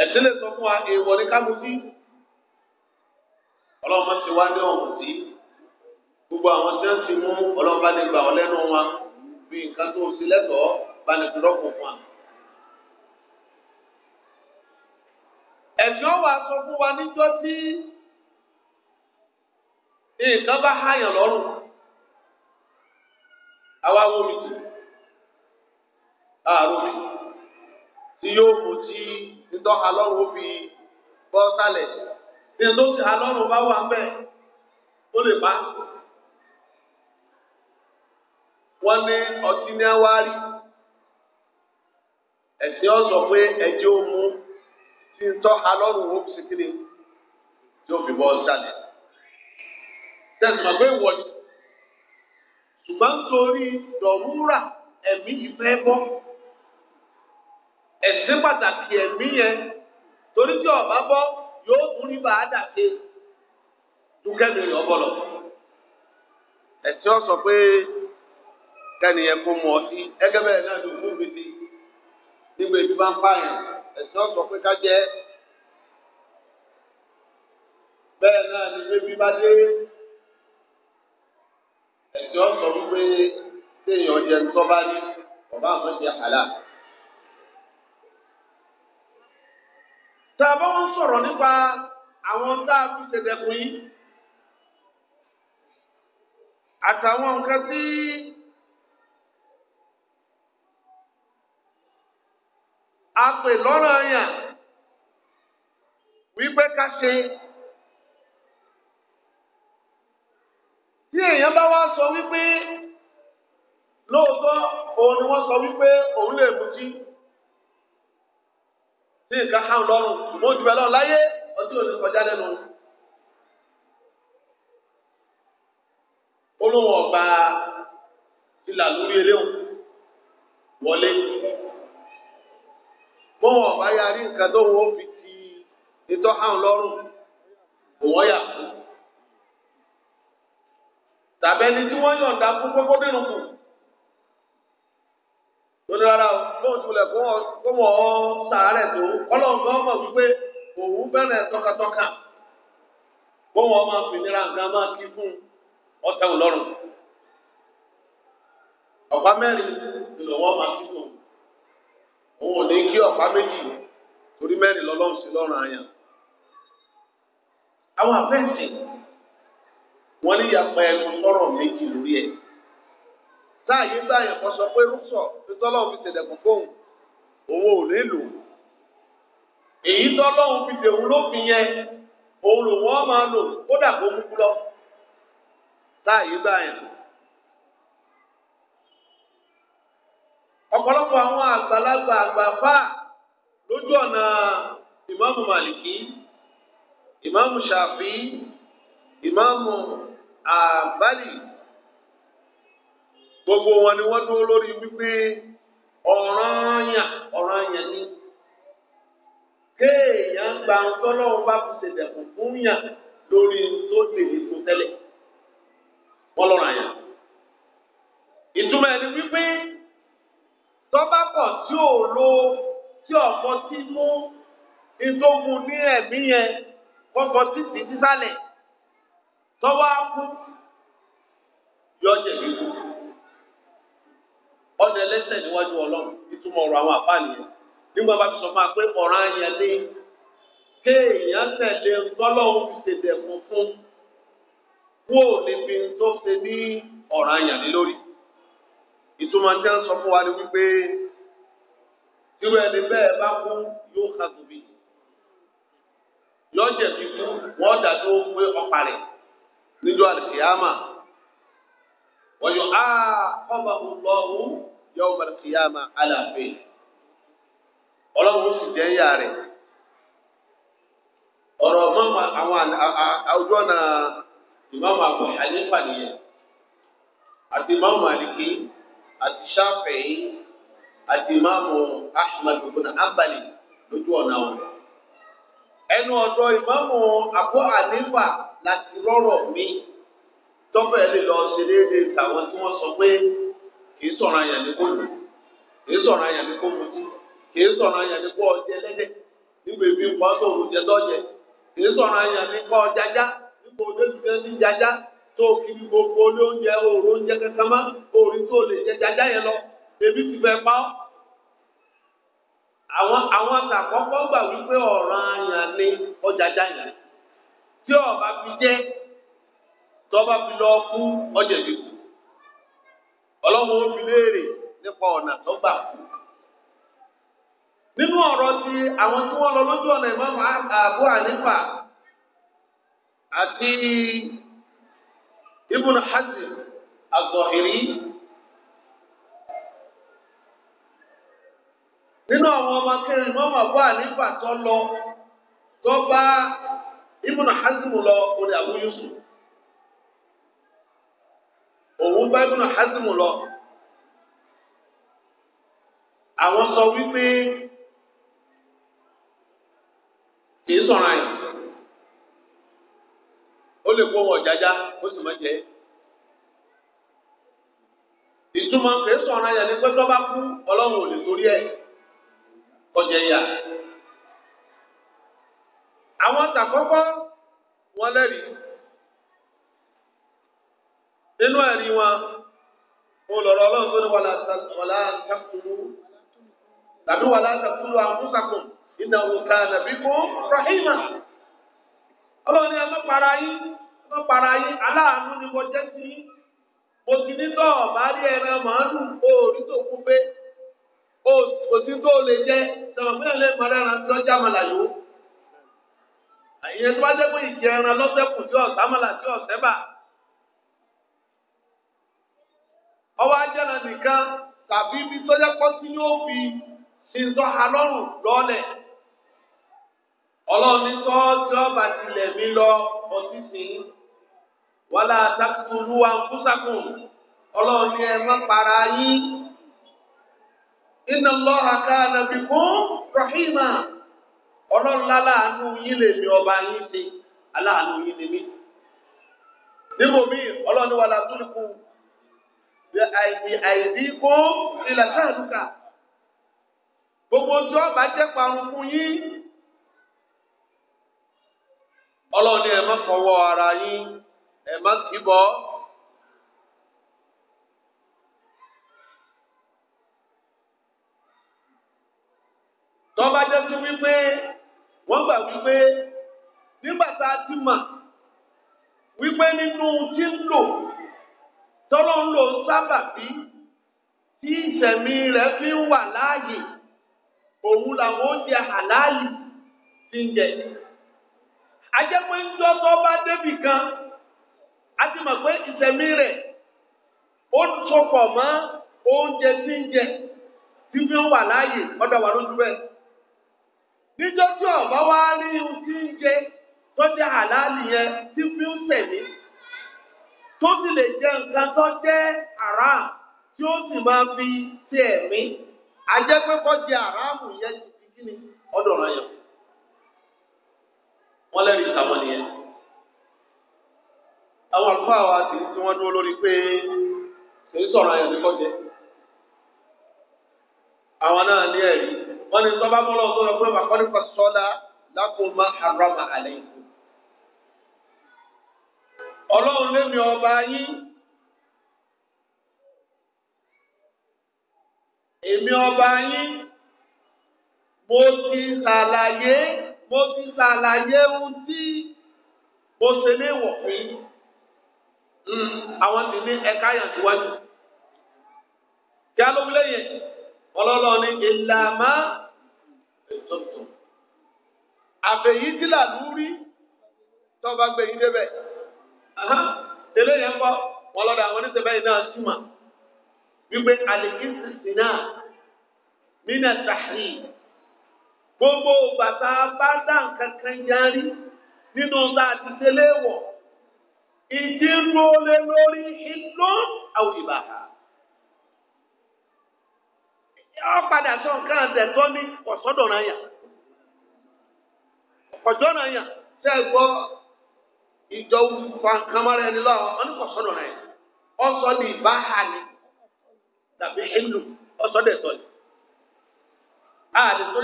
ẹ̀sìn lè sọ fún wa èèwọ̀ ní kámutí ọlọ́run máa ti wá ní ọ̀hún sí gbogbo àwọn tí wọ́n ti mú ọlọ́run bá lè gbà ọ́ lẹ́nu wa bí nǹkan tó ṣe lẹ́tọ̀ọ́ bá lè fi rọ́pò fún wa. ẹ̀sìn ọ̀wà sọ fún wa níjọ́ tí ní nǹkan bá háyàn lọ́rùn àwa wo mi tì àrùn mi tí yóò mú tí nítorí alọ́run ó fi bọ́ sálẹ̀ ní tó ti alọ́run bá wà bẹ́ẹ̀ ó lè bá wọ́n ní ọtí ní awárí ẹ̀sìn ọ̀sọ̀ pé ẹ̀jẹ̀ ó mú tí nítorí alọ́run ó fi sí kíni tí ó fi bọ́ sálẹ̀ tẹ̀sán pé wọ̀nyí. ṣùgbọ́n torí dọ̀rúrà ẹ̀mí ìfẹ́ bọ́ ẹ̀sìn pàtàkì ẹ̀mí yẹn torí tí ọ̀bá bọ́ yóò tún rí bàá dàgbé dúkẹ́mi rẹ̀ ọ̀bọ̀lọ̀. ẹ̀sìn ọ̀ sọ pé kẹ́niyẹn kó mu ọtí ẹgẹ́ bẹ́ẹ̀ náà ló mú mi ní nígbà èdè bá ń pààyàn ẹ̀sìn ọ̀ sọ pé ká jẹ́ bẹ́ẹ̀ náà ni bébí bá dé ẹ̀sìn tí wọ́n sọ wípé téèyàn jẹ tó bá ní ọba àmọ́ ṣe àlà. tá a bá wọn sọ̀rọ̀ nípa àwọn tá a fi ṣèdẹ̀kùn yìí àtàwọn nǹkan tí a pè lọ́rọ̀ yàn wípé ká ṣe. tí èèyàn bá wá sọ wípé lóòótọ́ òun ni wọ́n sọ wípé òun lè mutí ní nǹkan hàn lọ́rùn mọ́ jù ẹ lọ láyé ọdún òní kọjá lẹ́nu. olóhùn ọba ìlà lórí eléhùn wọlé mọ́wọ́n ọba yarí nǹkan tó wọ́n fi ti ètò hàn lọ́rùn òun ọ̀yà fún. tàbẹ́ni tí wọ́n yọ̀ǹda fún kókó dínú kù lórí rárá o lóun ti wulẹ̀ kó mọ̀ ọ́ sàárẹ̀ tó ọlọ́run wípé òun bẹ̀rẹ̀ tọkàtọkà kó ọmọ ọ́ nǹkan máa kí fún ọ̀tẹ̀ òlọ́run ọ̀pá mẹ́rin máa kí fún òun ò ní kí ọ̀pá wọ́n ní yàpá ẹnu lọ́rọ̀ méjì lórí ẹ̀. Táàyè báyẹn kan sọ pé rúṣọ̀ tí tọ́lọ́run fi tẹ̀dẹ̀kùn fóun, òun ò lè lò. Èyí tọ́lọ́run fi dèun lófin yẹn, òun lò wọ́n máa lò kódà kó mú kú lọ. Táàyè báyẹn. Ọ̀pọ̀lọpọ̀ àwọn àgbàlagbà àgbàfà lójú ọ̀nà ìmáàmù Màlìkí, ìmáàmù Ṣàfí, ìmáàmù àbálì gbogbo wọn ni wọ́n dúró lórí wípé ọ̀ranyàn ọ̀ranyàn ni kéèyàn gba ọlọ́run bá fi ṣèdẹ̀kùn fún yàn lórí tó dèrè tó tẹ́lẹ̀ wọ́n lọ́ràn yàn. ìtumọ̀ ẹni wípé tọ́ba pọ̀ tí ò lo tí ọ̀pọ̀ tí mú ìtógun ní ẹ̀mí yẹn kọ́kọ́ títí sísàlẹ̀ tọ́wọ́ á kú yọ jẹ̀bi kú ọ̀nà ẹlẹ́sẹ̀ níwájú ọlọ́run ìtumọ̀ ọ̀rọ̀ àwọn àbáàlì yẹn nígbà bá fi sọ fún wa pé ọ̀rọ̀ ayẹyẹ ní kéèyàn tẹ̀lé tọ́lọ́hún fi tètè kún fún kú ò lè fi tó ṣe ní ọ̀rọ̀ ayẹyẹ ní lórí ìtumọ̀ tí wọ́n sọ fún wa ni wípé irú ẹni bẹ́ẹ̀ bá kú yóò kàtó bí yọ jẹ̀bi kú wọ́n dàdó pé ọ̀pá níjọ́ àlùkìyàmà wọ́yọ̀ á kọ́ba ọlọ́run yọ ọmọ àlùkìyàmà aláàfin ọlọ́run sì jẹ́ yà rẹ̀ ọ̀rọ̀ mọ́mọ́ àwọn àwùjọ náà ìmọ̀mọ́ àbọ̀ àlefa nìyẹn àti ìmọ̀mọ́ àlìkí àti sáfẹ̀yìn àti ìmọ̀mọ́ ahmed ibn abali lójú ọ̀nà ọ̀rọ̀. ẹnu ọ̀dọ̀ ìmáàmù Abu Hanifa láti rọ́rọ̀ mi tọ́fẹ̀ lè lọ ṣe déédéé tàwọn tí wọ́n sọ pé kì í sọ̀rọ̀ àyàn ní kó lù kì í sọ̀rọ̀ àyàn ní kó mutí kì í sọ̀rọ̀ àyàn ní kó ọjẹ lẹ́dẹ̀ nígbà èmi nǹkan tó òun jẹ tọ́jẹ kì í sọ̀rọ̀ àyàn ní nígbà òde ti fẹ́ tó kí gbogbo olóúnjẹ oúnjẹ tó lè pa àwọn àwọn àkọ́kọ́ gbà wípé ọ̀ràn àyàn ni ọjà jáyàn tí ọba fi jẹ tọba fi lọ kú ọjà ìbí ọlọ́wọ́ ó fi léèrè nípa ọ̀nà tó gbà kú. nínú ọ̀rọ̀ ti àwọn tí wọ́n lọ lójú ọ̀nà ìmọ̀mọ́ àbú ànífà nínú àwọn ọmọ kẹrin wọn mà wà nígbà tó lọ tó bá ibùdó hazimu lọ òní àbú yusuf òun bá lọ àwọn sọ wípé kì í sọ̀rọ̀ àyè ó lè kó wọn jájá ó sì máa jẹ ìtumọ̀ kì í sọ̀rọ̀ àyè kọjá yà. Àwọn tàkọ́kọ́ wọn lẹ́rìí. Nínú ẹ̀rí wọn, mo lọ̀rọ̀ ọlọ́run tó ní wàlá takùrú tàbí wàlá takùrú àmúsàkùn iná òkà nàbí kún rahima. Ọlọ́run ní ẹ̀mọ́ para yín, ẹ̀mọ́ para yín, aláàánú ni mo jẹ́ sí. Mo ti ní tọ́ ọ̀bá rí ẹran màálù, orí tó kú pé òsì tó lè jẹ sọ̀rọ̀ fún ẹ̀lẹ́ tí tó já màlà yó. àyẹ̀yẹ́ tó bá jẹ́ pé ìjẹ ẹran lọ́sẹ̀kù tí ọ̀sá màlà tí bà. ọwọ́ ajẹ́ran nìkan tàbí ibi tó jẹ́ sí yóò fi ìtọ́ alọ́rùn lọ́lẹ̀. ọlọ́ọ̀ni tí tilẹ̀ mi lọ ọtí sí i. ọlọ́ọ̀ni má para inna Allah aka bí rahima ọlọ́run láàánú yín lè mi ọba yín ti aláàánú yín lè mi. níbo mi ọlọ́run wà látúndìkù bí àìdí kó gbogbo tí ọba jẹ́ parun fún yín ọlọ́run ẹ̀ má fọwọ́ tọ́ba jẹ́ sí wípé wọ́n gbà wípé nígbà tá a ti mà wípé nínú tí ń lò tọ́lọ́ ń lò sábàbí tí ìṣẹ̀mí rẹ̀ fi ń wà láàyè òun làwọn oúnjẹ àláàlì ti ń jẹ. ajẹ́pẹ́ ń jọ́ tó débì kan a ti mọ̀ pé ìṣẹ̀mí rẹ̀ ó sopọ̀ mọ́ oúnjẹ tí ń jẹ tí fi ń wà láàyè ọ̀dọ̀ wà lójú bẹ́ẹ̀. níjọ́ tí ọ̀bá wá rí ohun tí ń jẹ tó jẹ àlàálì tí fi ń tẹ̀lé tó sì lè jẹ nǹkan tó jẹ́ àrà tí ó sì máa fi ti ẹ̀mí ajẹ́pẹ́kọ́ jẹ àràmù yẹn ti fi kí ni ọ̀dọ̀ ọ̀rọ̀ yẹn wọ́n lẹ́rìí ìtàwọn nìyẹn àwọn àlùfáà wa tí wọ́n dúró lórí pé kì í sọ̀rọ̀ ayọ̀ ní wọ́n ní tọ́ba mọ́lọ́ tó yọ pé wàkọ́ni kọ́ sọ́dá lákòó má harama àlẹ́ yìí. ọlọ́run lémi ọba yín èmi ọba yín mo ti ṣàlàyé mo ti ṣàlàyé ohun tí mo ṣe léwọ̀ fún yín hmm, àwọn sì ní ẹ̀ka yàn síwájú kí á ló wílé yẹn ọlọ́lọ́ ní ìlàmá ètòtò àfẹ̀yí tí làlúrí tọ́ba gbẹ̀yìn débẹ̀ eléyìí ń bọ́ wọn lọ́dọ̀ àwọn oníṣẹ́bẹ̀ yìí náà túmọ̀ wípé àlèkísì sí náà mínà tàhí gbogbo bàtà bá dá nǹkan kan yarí nínú ọba àti tẹlẹ́wọ̀ ìdí ń lólé lórí ìlú àwòrán ìbàdàn. Ọ sọ nǹkan ẹ̀sẹ̀ tó ní ọ̀sọ́dọ̀ náà yàn náà yàn ẹ gbọ́ ìjọ ẹni lọ́wọ́ ní ọ̀sọ́dọ̀ náà yàn ọ̀sọ́ ní ìbáhà ni tàbí ìlú ni.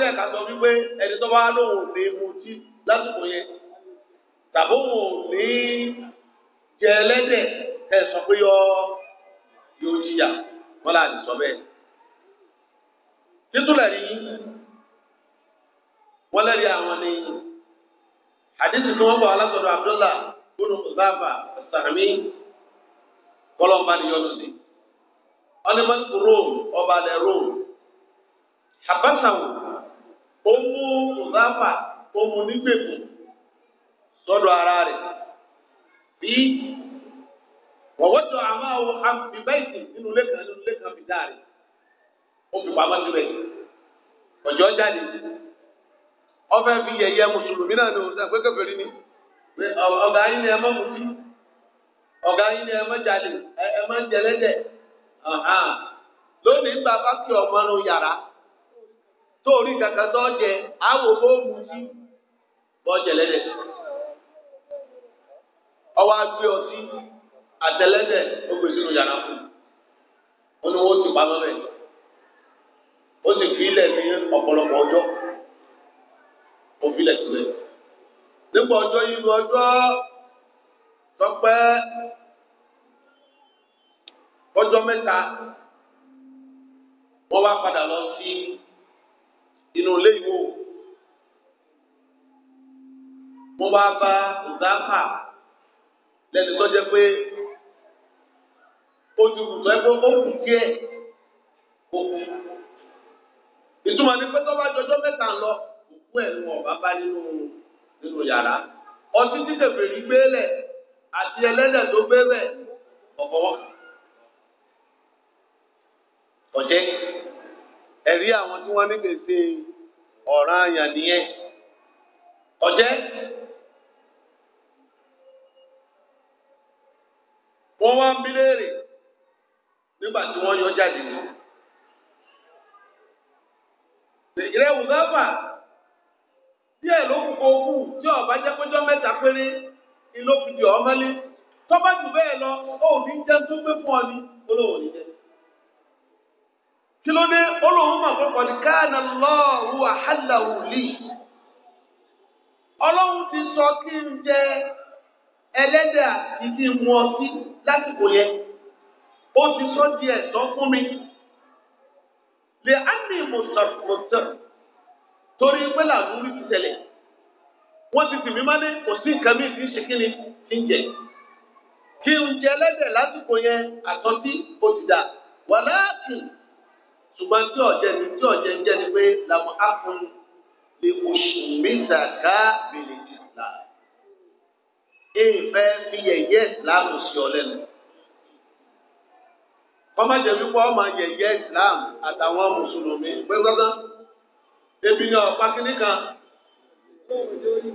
ẹ̀ka sọ wípé ẹni tó bá lóun ò ní mutí lásìkò yẹn tàbí òun ò ní jẹ ẹlẹ́dẹ̀ ẹ̀ sọ pé yọ yóò títúlẹ̀ rí wọ́n lẹ́rí àwọn ní àdéhùn tí wọ́n bọ̀ alásọ̀rọ̀ Abdullah gbọ́dọ̀ mùsàfà sàmì kọlọ́mbà ni yọ̀ọ́ sí ọlẹ́mọ̀tò Rome ọba alẹ́ Rome àbáṣàwò ó mú mùsàfà ó mú nígbèkùn sọ́dọ̀ ara rẹ̀ bí wọ́wọ́dọ̀ àwọn àwọn àmì báyìí nínú lẹ́kàn nínú lẹ́kàn bìdáàrẹ̀. o fi pamọ́ síbẹ̀ ọjọ́ jáde ọfẹ́ fi yẹyẹ mùsùlùmí náà ni ọ̀gá yín ni ẹ mọ́ mutí ọ̀gá yín ni ẹ mọ́ jalè ẹ mọ́ jẹlẹ́dẹ̀ lónìí gba ọmọ ọmọnú yàrá tóòrí kankan tó jẹ àwò bó mutí bọ́ jẹlẹ́dẹ̀ ọwọ́ agbé ọtí àtẹlẹ́dẹ̀ ó gbèsè nù yàrá fún un ó ní wọ́n ti ó sì fi ilẹ̀ ní ọ̀pọ̀lọpọ̀ ọjọ́ ó fi ilẹ̀ sílẹ̀ nípa ọjọ́ yìí lu ọjọ́ tọpẹ́ ọjọ́ mẹ́ta wọ́n wá padà lọ sí inú ilé ìwò wọ́n wá bá ọ̀gáfà lẹ́nu tó jẹ́ pé ojú kùtọ́ ẹgbẹ́ ó kù díẹ̀ ó kù ìtumọ̀ ni pé tó bá jọjọ́ mẹ́ta lọ òkú ẹ̀ ń ọ̀bá bá nínú nínú yàrá ọtí títẹ̀ fèrè gbélẹ̀ àti ẹlẹ́dẹ̀ tó gbélẹ̀ ọ̀fọwọ́. ọ̀jẹ́ ẹ̀rí àwọn tí wọ́n ní gbèsè ọ̀ràn àyàn nìyẹn ọ̀jẹ́ wọ́n wá ń bí léèrè nígbà tí wọ́n yọ jáde nìyẹn. ìrẹ́ wù lọ́fà díẹ̀ ló kú okú tí ọba jẹ́ péjọ́ mẹ́ta péré ni ló fi di ọmọlé tọ́ba jù bẹ́ẹ̀ lọ ó ní ọ ní ní jẹ́ kí ló dé kọ́kọ́ káàna lọ́ọ̀rù ọlọ́run ti sọ kí n jẹ ẹlẹ́dẹ̀ àti kí n mu lásìkò yẹn ó ti sọ di fún mi. Le á ní mọ̀tàmọ̀tà torí pé làwọn rí ti tẹ̀lé wọ́n ti tì mí má ní kò sí nǹkan mi ti ń ṣe kíni kí ń jẹ kí ń jẹ ẹlẹ́dẹ̀ lásìkò yẹn àtọ́tí ó ti dà wàhálà kì ṣùgbọ́n tí ọ̀jẹ̀ ni tí ọ̀jẹ̀ ń jẹ́ ni pé làwọn á lè oṣù mẹ́ta ká bèrè ìsìlá. Ìfẹ́ fi yẹ̀yẹ́ ìsìlámù sí ọ lẹ́nu. kọ́mọ̀jẹ̀ wípé ọmọ yẹ̀yẹ́ Islam àtàwọn mùsùlùmí pé ebi ní ọ̀pá kínní kan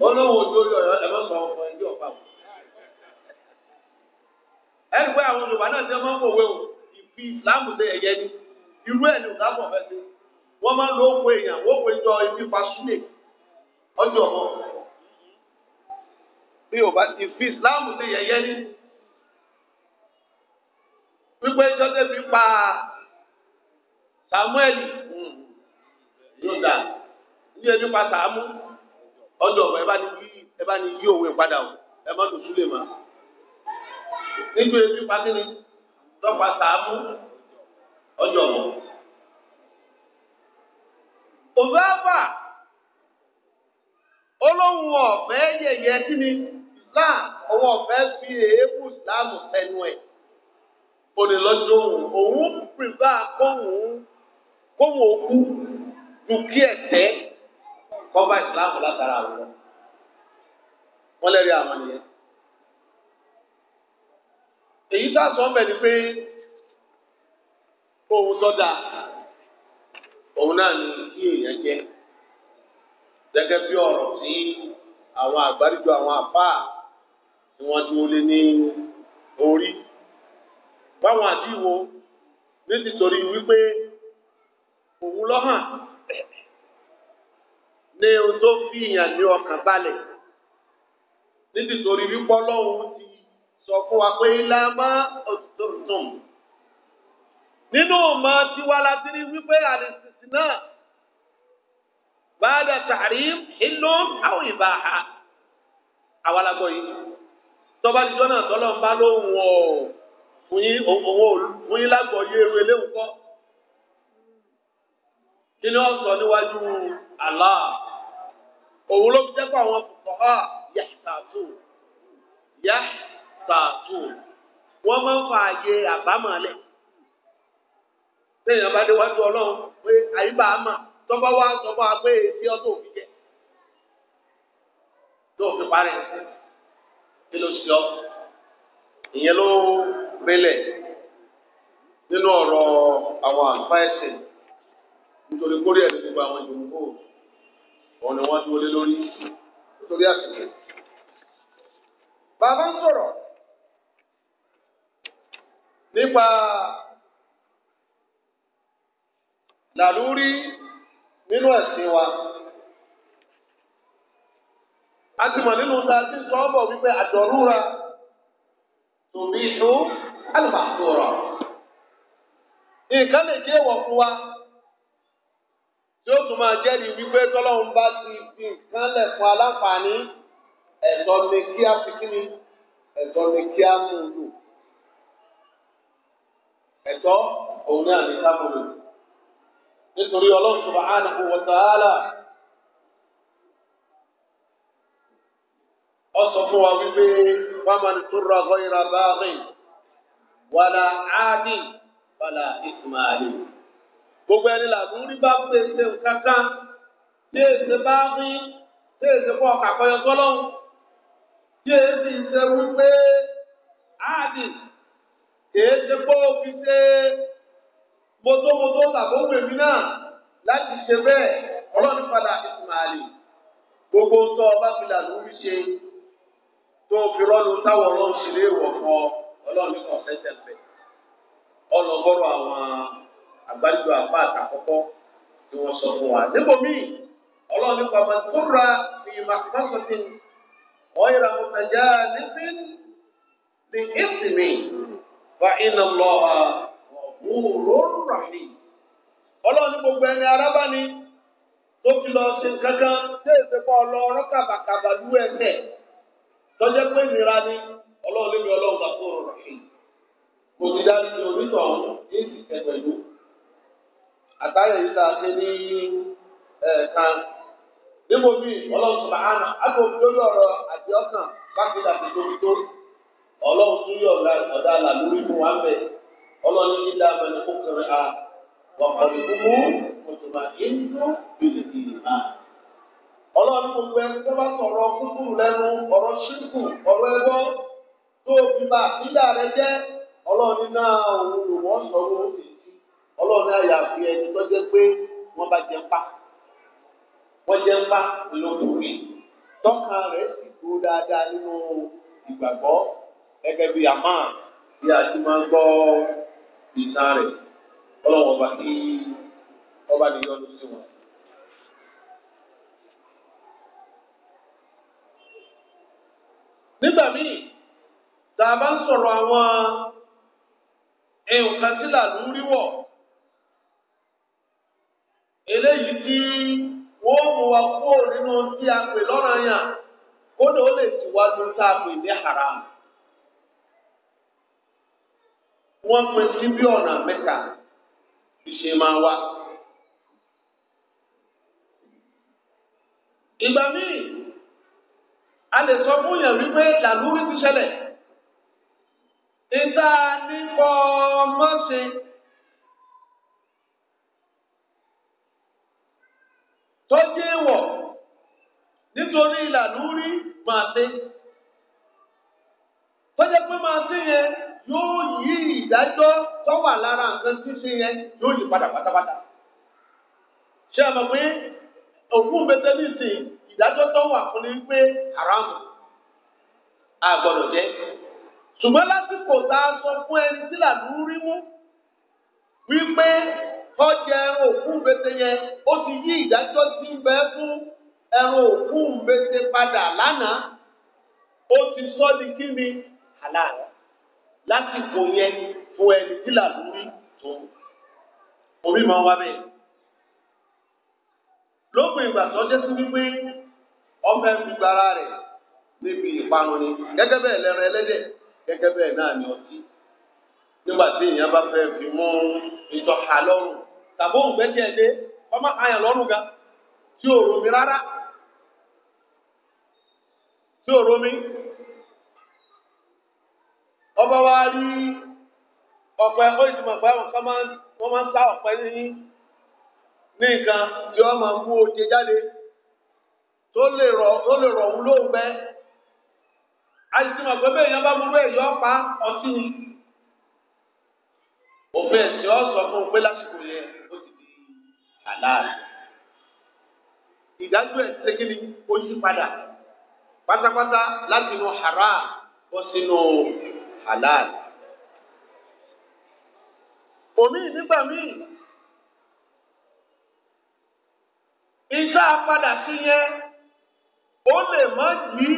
olóhùn ojú orí ọmọ ẹ̀jẹ̀ ọ̀pá wò. ẹ̀rí pé àwọn Yorùbá náà o ìfi Islam ẹ̀yẹ ni irú wọ́n máa ibi ọjọ́ Islam ẹ̀yẹ wípé jọ́dẹ̀ mi pa Samuel hmm, yóòdà ní ẹni pa Sàámú ọjọ́ ọ̀bọ̀ ẹ bá ní yí ẹ bá ní yí òwe padà o ẹ má lò súlè má níjọ́ ẹni pa kí ni lọ́pa Sàámú ọjọ́ ọ̀bọ̀. òbẹ́ àbà olóhùn ọ̀fẹ́ yẹ̀yẹ́ kí ni Islam ọwọ́ ọ̀fẹ́ fi èébù Islam ẹnu ẹ̀ òní lọ́jọ́ òun òun pìrìbá kóhùn kóhùn òkú ju kí ẹ̀tẹ́ kọ́ba ìsìláàmù látara àwọn wọn lẹ́rìí àwọn nìyẹn. èyí tá a sọ mẹ́ ni pé ohun tó dáa òun náà ni kí èèyàn jẹ́ gẹ́gẹ́ bí ọ̀rọ̀ tí àwọn àgbáríjọ àwọn àfáà tí wọ́n dúró lé ní orí fáwọn àdíwò nítorí wípé òun lọ́hàn ní ohun tó fi ìyàn ní ọkàn balẹ̀ nítorí wípọ́ lọ́hùn ti sọ fún wa pé lámá òtútùm nínú ọmọ tiwa la ti rí wípé àdìsísì náà bá dà tàrí ìlú àwọn ìbáha àwa la gbọ́ yìí tọ́ba jíjọ́ tọ́lọ́ ń bá lóhùn ọ̀ọ́ fún yín owó fún yín lágbọ̀ yé eru eléwu kọ́ kí ni wọ́n sọ níwájú Allah òun ló fi jẹ́ pé àwọn kòkòrò yàtàtù yàtàtù wọ́n máa ń fa àyè àbámọ̀lẹ̀ lẹ́yìn abádéwájú ọlọ́run pé àyíbá àmà tọ́ba wá tọ́ba pé èsì ọdún òfin jẹ́ tó fi parí kí ló ṣe ọ ìyẹn ló rinlẹ̀ nínú ọ̀rọ̀ àwọn àǹfà ẹ̀sìn nítorí kórè ẹ̀ ní gbogbo àwọn ìdòwò òun ni wọ́n dúró lé lórí nítorí àsìkò. Bàbá ń sọ̀rọ̀ nípa làlúrí nínú ẹ̀sìn wa. A ti mọ̀ nínú ta ti sọ ọ́ bọ̀ wípé àjọrúra tòbí ìlú alùpàdùrọ̀ nǹkan lè jẹ́ èèwọ̀ fún wa tí ó tún máa jẹ́rìí wípé tọ́lọ́run bá ti fi nǹkan lẹ̀ fún aláǹfààní ẹ̀tọ́ ni kí á fi kí ni ẹ̀tọ́ ni kí á mú un lò ẹ̀tọ́ òun náà ní sábòrò nítorí ọlọ́run subhanahu wa ta'ala ó sọ fún wa wípé wàá máa ń tó ra ọgọ́ ìra báyìí wàlà áàdì wàlà ìsùmáàlì. gbogbo ẹni làbú rí bá gbé ṣe kankan tí èsè bá rí tí èsè pọ̀ kàkọyọ tọ́lọ́hún tí èsì ṣe wípé áàdì kìí ṣe pé ó fi ṣe mọ́tòmọ́tò tàbí òwèmí náà láti ṣe bẹ́ẹ̀ ọlọ́ni padà ìsùmáàlì gbogbo ń tọ́ ọ bá fi làlú rí ṣe tó fi rọ́nu táwọn ọlọ́run ṣe léèwọ̀ fún ọ ọlọ́run ní kàn fẹsẹ̀ ń bẹ̀ ọlọ́gọ́rọ̀ àwọn àgbájọ àpá àtàkọ́kọ́ tí wọ́n sọ fún wa níbo míì ọlọ́run nípa ọmọ tó ra ìmọ̀ àpásọ̀tì ọ̀yẹ̀rà mọ̀tàjà nífin ní ìsinmi fa iná lọ wúrò ràhì ọlọ́run ní gbogbo ẹni arábá ni tó fi lọ ṣe kankan tí èsèpọ̀ lọ rọ́kàbàkàbà lú ẹsẹ̀ tọ́jẹ́ pé nira ni. ọlọ́run lébi ọlọ́run bá kó rọrùn fi mo ti dá sí onítọ̀ ọ̀hún èsì tẹ yìí tá a ṣe ní ẹ̀ẹ̀kan níbo ọlọ́run sọ̀rọ̀ àná àgbo lórí ọ̀rọ̀ àti ti tóbi tó ọlọ́run tún yọ̀ lórí fún wa mẹ́ ọlọ́run ní kúkú tó fi bá àbílẹ̀ rẹ jẹ́ ọlọ́run náà òun lò wọ́n sọ wọ́n sì ti ọlọ́run náà yàgbé ẹni tó jẹ́ pé wọ́n bá jẹ pa wọ́n jẹ pa lókùnrin tọ́ka rẹ̀ sì kú dáadáa nínú ìgbàgbọ́ gẹ́gẹ́ bí àmà bí a ti máa gbọ́ ìtàn rẹ̀ ọlọ́run ọba ní ọba ní yọ́nú sí wọn. nígbà míì tá a bá ń sọ̀rọ̀ àwọn nǹkan tí làlú rí wọ̀ eléyìí tí wọ́n mú wa kúrò nínú tí a pè lọ́rọ̀ yàn kódà ó lè ti wá lu tá a pè ní haram. Wọ́n pín sí bí ọ̀nà mẹ́ta ìṣe máa wá. Ìgbà míì, a lè sọ fún yàn wípé làlúrí ti ṣẹlẹ̀ ìta nípa ọmọṣe. tó jẹ́ ìwọ̀ nítorí ìlàlúrí máa ṣe. tó jẹ́ pé máa ṣe yẹn yóò yí ìdájọ́ tó wà lára nǹkan ṣíṣe yẹn yóò yí padà pátápátá. ṣé ẹ mọ̀ pé òkú bẹ́tẹ́lísì ìdájọ́ tó wà fún ni pé haramu àgbọ̀dọ̀ jẹ́ ṣùgbọ́n lásìkò tá a sọ fún ẹni tí làlú rí mú wípé ọjà ẹran òkú mbete yẹn ó ti yí ìdájọ́ tí ń bẹ fún ẹran òkú mbete padà lánàá ó ti sọ di kí ni halal lásìkò yẹn fún ẹni tí làlú rí tó orí máa wá bẹ́ẹ̀. lópin ìgbà tó jẹ́ sí wípé ọmọ ẹ̀ fi gbára rẹ̀ níbi ìpanu ni gẹ́gẹ́ bẹ́ẹ̀ lẹ́ran ẹlẹ́dẹ̀ẹ́. gẹ́gẹ́ bẹ́ẹ̀ náà ni ọtí nígbà tí èèyàn bá fẹ́ fi mú ìjọ ha lọ́rùn tàbí òun gbẹ́jẹ́ ẹ̀dẹ́ ọmọ ayàn lọ́rùn ga tí ò romi rárá tí ò romi ọba wa rí ọ̀pẹ máa ń sá ọ̀pẹ ní ní tí wọ́n máa ń mú oje jáde tó lè rọ̀ òun àìsímọ̀ pé bẹ́ẹ̀ yẹn bá burú ẹ̀ yọ pa ọtí ni. òfin ẹ̀sìn ọ̀ sọ fún un pé lásìkò yẹn ó ti di àláàlú. ìdájọ́ ẹ̀ ṣe kí ni ó yí padà pátápátá láti inú haram bọ́ sínú halal. òmí nígbà míì iṣẹ́ apadà sí yẹn ó lè má yí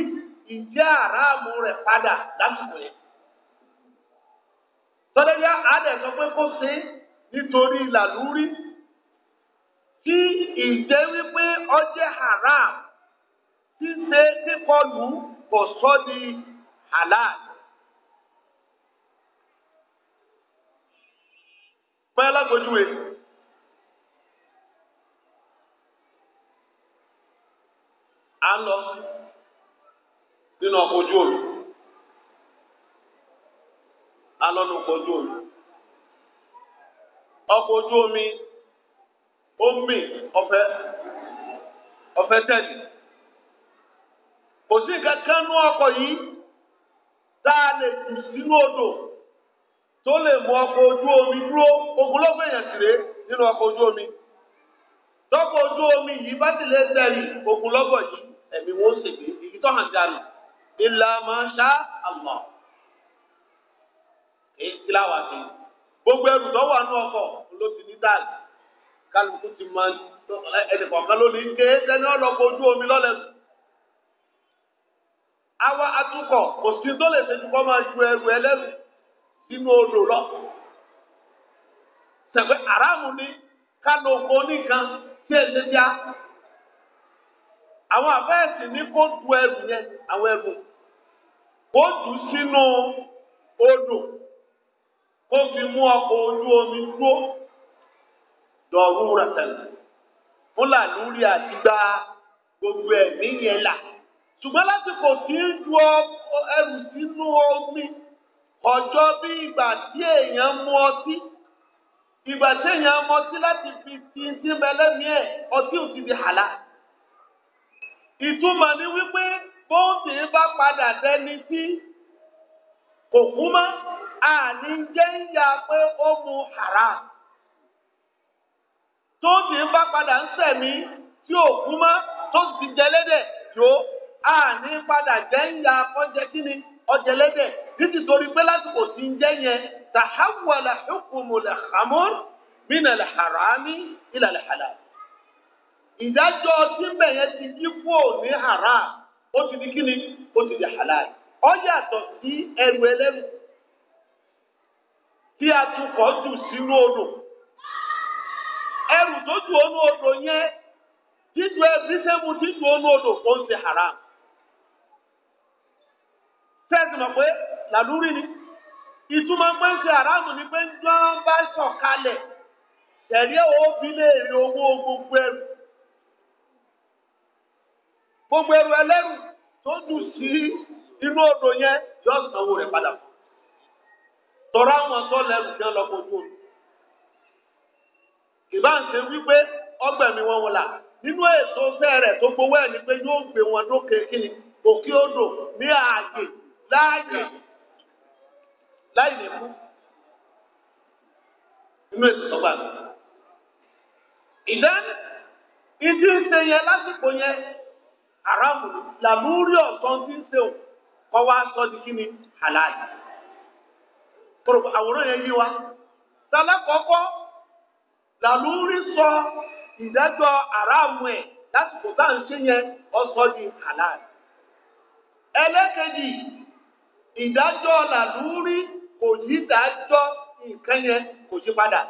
ìjẹ́ àràmù rẹ̀ padà lásìkò yẹn. Sọdẹ́yà àdẹ̀ sọ pé kó ṣe nítorí làlúrí tí ìjẹ́ wípé ọjẹ́ haram tí ṣe kíkọlù kò sọ di halal. Bẹ́ẹ̀ lágbójúwe. À ń lọ nínú ọkọ̀ ojú omi alọ́nu ọkọ̀ ojú omi ọkọ̀ ojú omi ó mì ọ̀fẹ́ ọ̀fẹ́ tẹ̀lé kò sí kankan nú ọkọ̀ yìí tá a lè jù sínú odò tó lè mú ọkọ̀ ojú omi dúró ogunlọ́gbọ̀ èèyàn sì rèé nínú ọkọ̀ ojú omi tọ́kọ̀ ojú omi yìí bá sì lè tẹ̀lé ogunlọ́gbọ̀ yìí ẹ̀mí wọn ó sì gbé tó hàn jáde ilà máa ṣá àmọ́ èyí tí láwa fi gbogbo ẹrù tó wà ní ọkọ̀ ló ti ní táàgì kálukú ti máa ẹnìkọ̀ọ̀kan ló ní ké sẹ́ni ọlọ́kọ̀ ojú omi lọ́lẹ̀ sùn. àwa atukọ̀ kò sí tó lè ṣètò kọ́ máa ju ẹrù ẹlẹ́rù sínú odò lọ. sẹ̀pẹ́ àràmù ni kánò kò tí ẹ̀ ṣe já àwọn àfẹ́ẹ̀sì ní kó du ẹrù yẹn àwọn ẹrù kó jù sínú odò kó fi mú ọkọ̀ ojú omi dúró dọ̀rú rẹ̀tẹ̀lẹ̀ fúlàní rí àti gba gbogbo ẹ̀mí yẹn là ṣùgbọ́n lásìkò tí ń ju ẹrù sínú omi ọjọ́ bí ìgbà tí èèyàn mu ọtí ìgbà tí èèyàn mu ọtí láti fi ti ti bẹlẹ́mìí ẹ̀ ọtí ò ti di hàlá ìtumọ̀ ni wípé bóńtì bá padà dẹni tí kò kú mọ́ àní jẹ́ ń ya pé ó mu haram tóńtì bá padà ń sẹ̀mí tí ò kú mọ́ tó sì ti jẹlẹ́dẹ̀ yó àní padà jẹ́ ń ya kọ́jẹ́ kí ni ọjẹlẹ́dẹ̀ títí torí pé lásìkò tí ń jẹ́ yẹn tahawwala hukmu al-khamr min al-harami ila ìdájọ́ ọtí mẹ̀yẹ ti yí kúò ní haram ó ti di kíni ó ti di halal ọ yàtọ̀ sí ẹrù ẹlẹ́rù tí a tún kọ́ jù sínú odò ẹrù tó ju onú odò yẹn jíjù ẹbí sẹ́mu odò haram sẹ́ẹ̀sì mọ̀ pé làlúrí ni ìtumọ̀ pé ń ṣe ni pé gbogbo ẹrù ẹlẹ́rù tó dùn sí inú odò yẹn yóò sanwó rẹ̀ padà tọrọ àwọn tó lẹ́rù jẹ́ lọ́kọ̀ ojú omi wípé ọgbẹ̀mí wọn wọn nínú ètò ọ̀sẹ̀ tó gbowó ẹ̀ ni pé yóò gbé wọn lókè ni òkè odò ní ààyè láàyè láì lè kú nínú ètò ìdí ń ṣe haramu làmúrí ọ̀sán tí ń sèwọ̀n kọ́ wá sọ di kí ni halal. àwòrán yẹn yí wa sálákọ̀ọ́kọ́ làmúrí sọ ìdájọ́ haramu ẹ̀ láti kò à ń ṣe yẹn ọsọ di halal. ìdájọ́ làmúrí kò yí dájọ́ nǹkan yẹn kò yí padà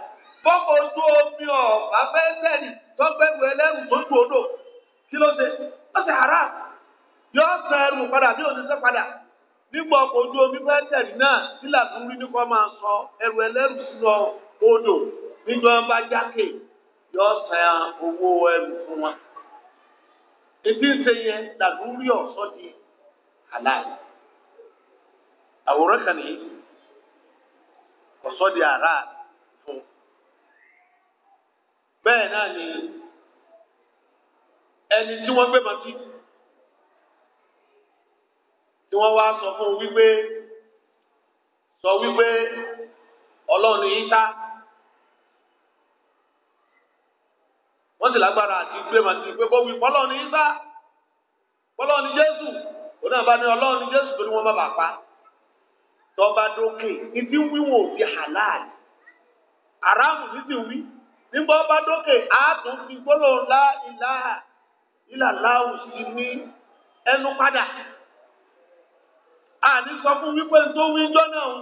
bọ́kọ̀ ojú omi fẹ́ tọ́gbẹ́gbẹ́ tó kí ó sì haram yóò san ẹrù padà bí òṣìṣẹ́ padà nígbà ọkọ̀ ojú omi fẹ́ tẹ̀lé náà sílà tó ń rí máa sọ ẹrù ẹlẹ́rù lọ odò níjọ bá jákè yóò san owó ẹrù fún ọ̀sọ́ di Àwòrán ọ̀sọ́ di fún. Bẹ́ẹ̀ náà ni. ẹni tí wọ́n gbé màtí tí wọ́n wá sọ fún un wípé sọ wípé ọlọ́run ní yíṣá wọ́n sì lágbára àti gbé màtí pé bó wí ọlọ́run ní yíṣá ọlọ́run jésù òun náà bá ní ọlọ́run jésù tó ní wọ́n má bàa pa tọ́ba dókè ìdí wíwọ̀n òfin halal aráàmù sì ti wí nígbà ọba dókè àátún fi gbólóhùn lá ìlà láwù sí ní ẹnu padà àní sọ fún wípé tó wí jọ́nà òun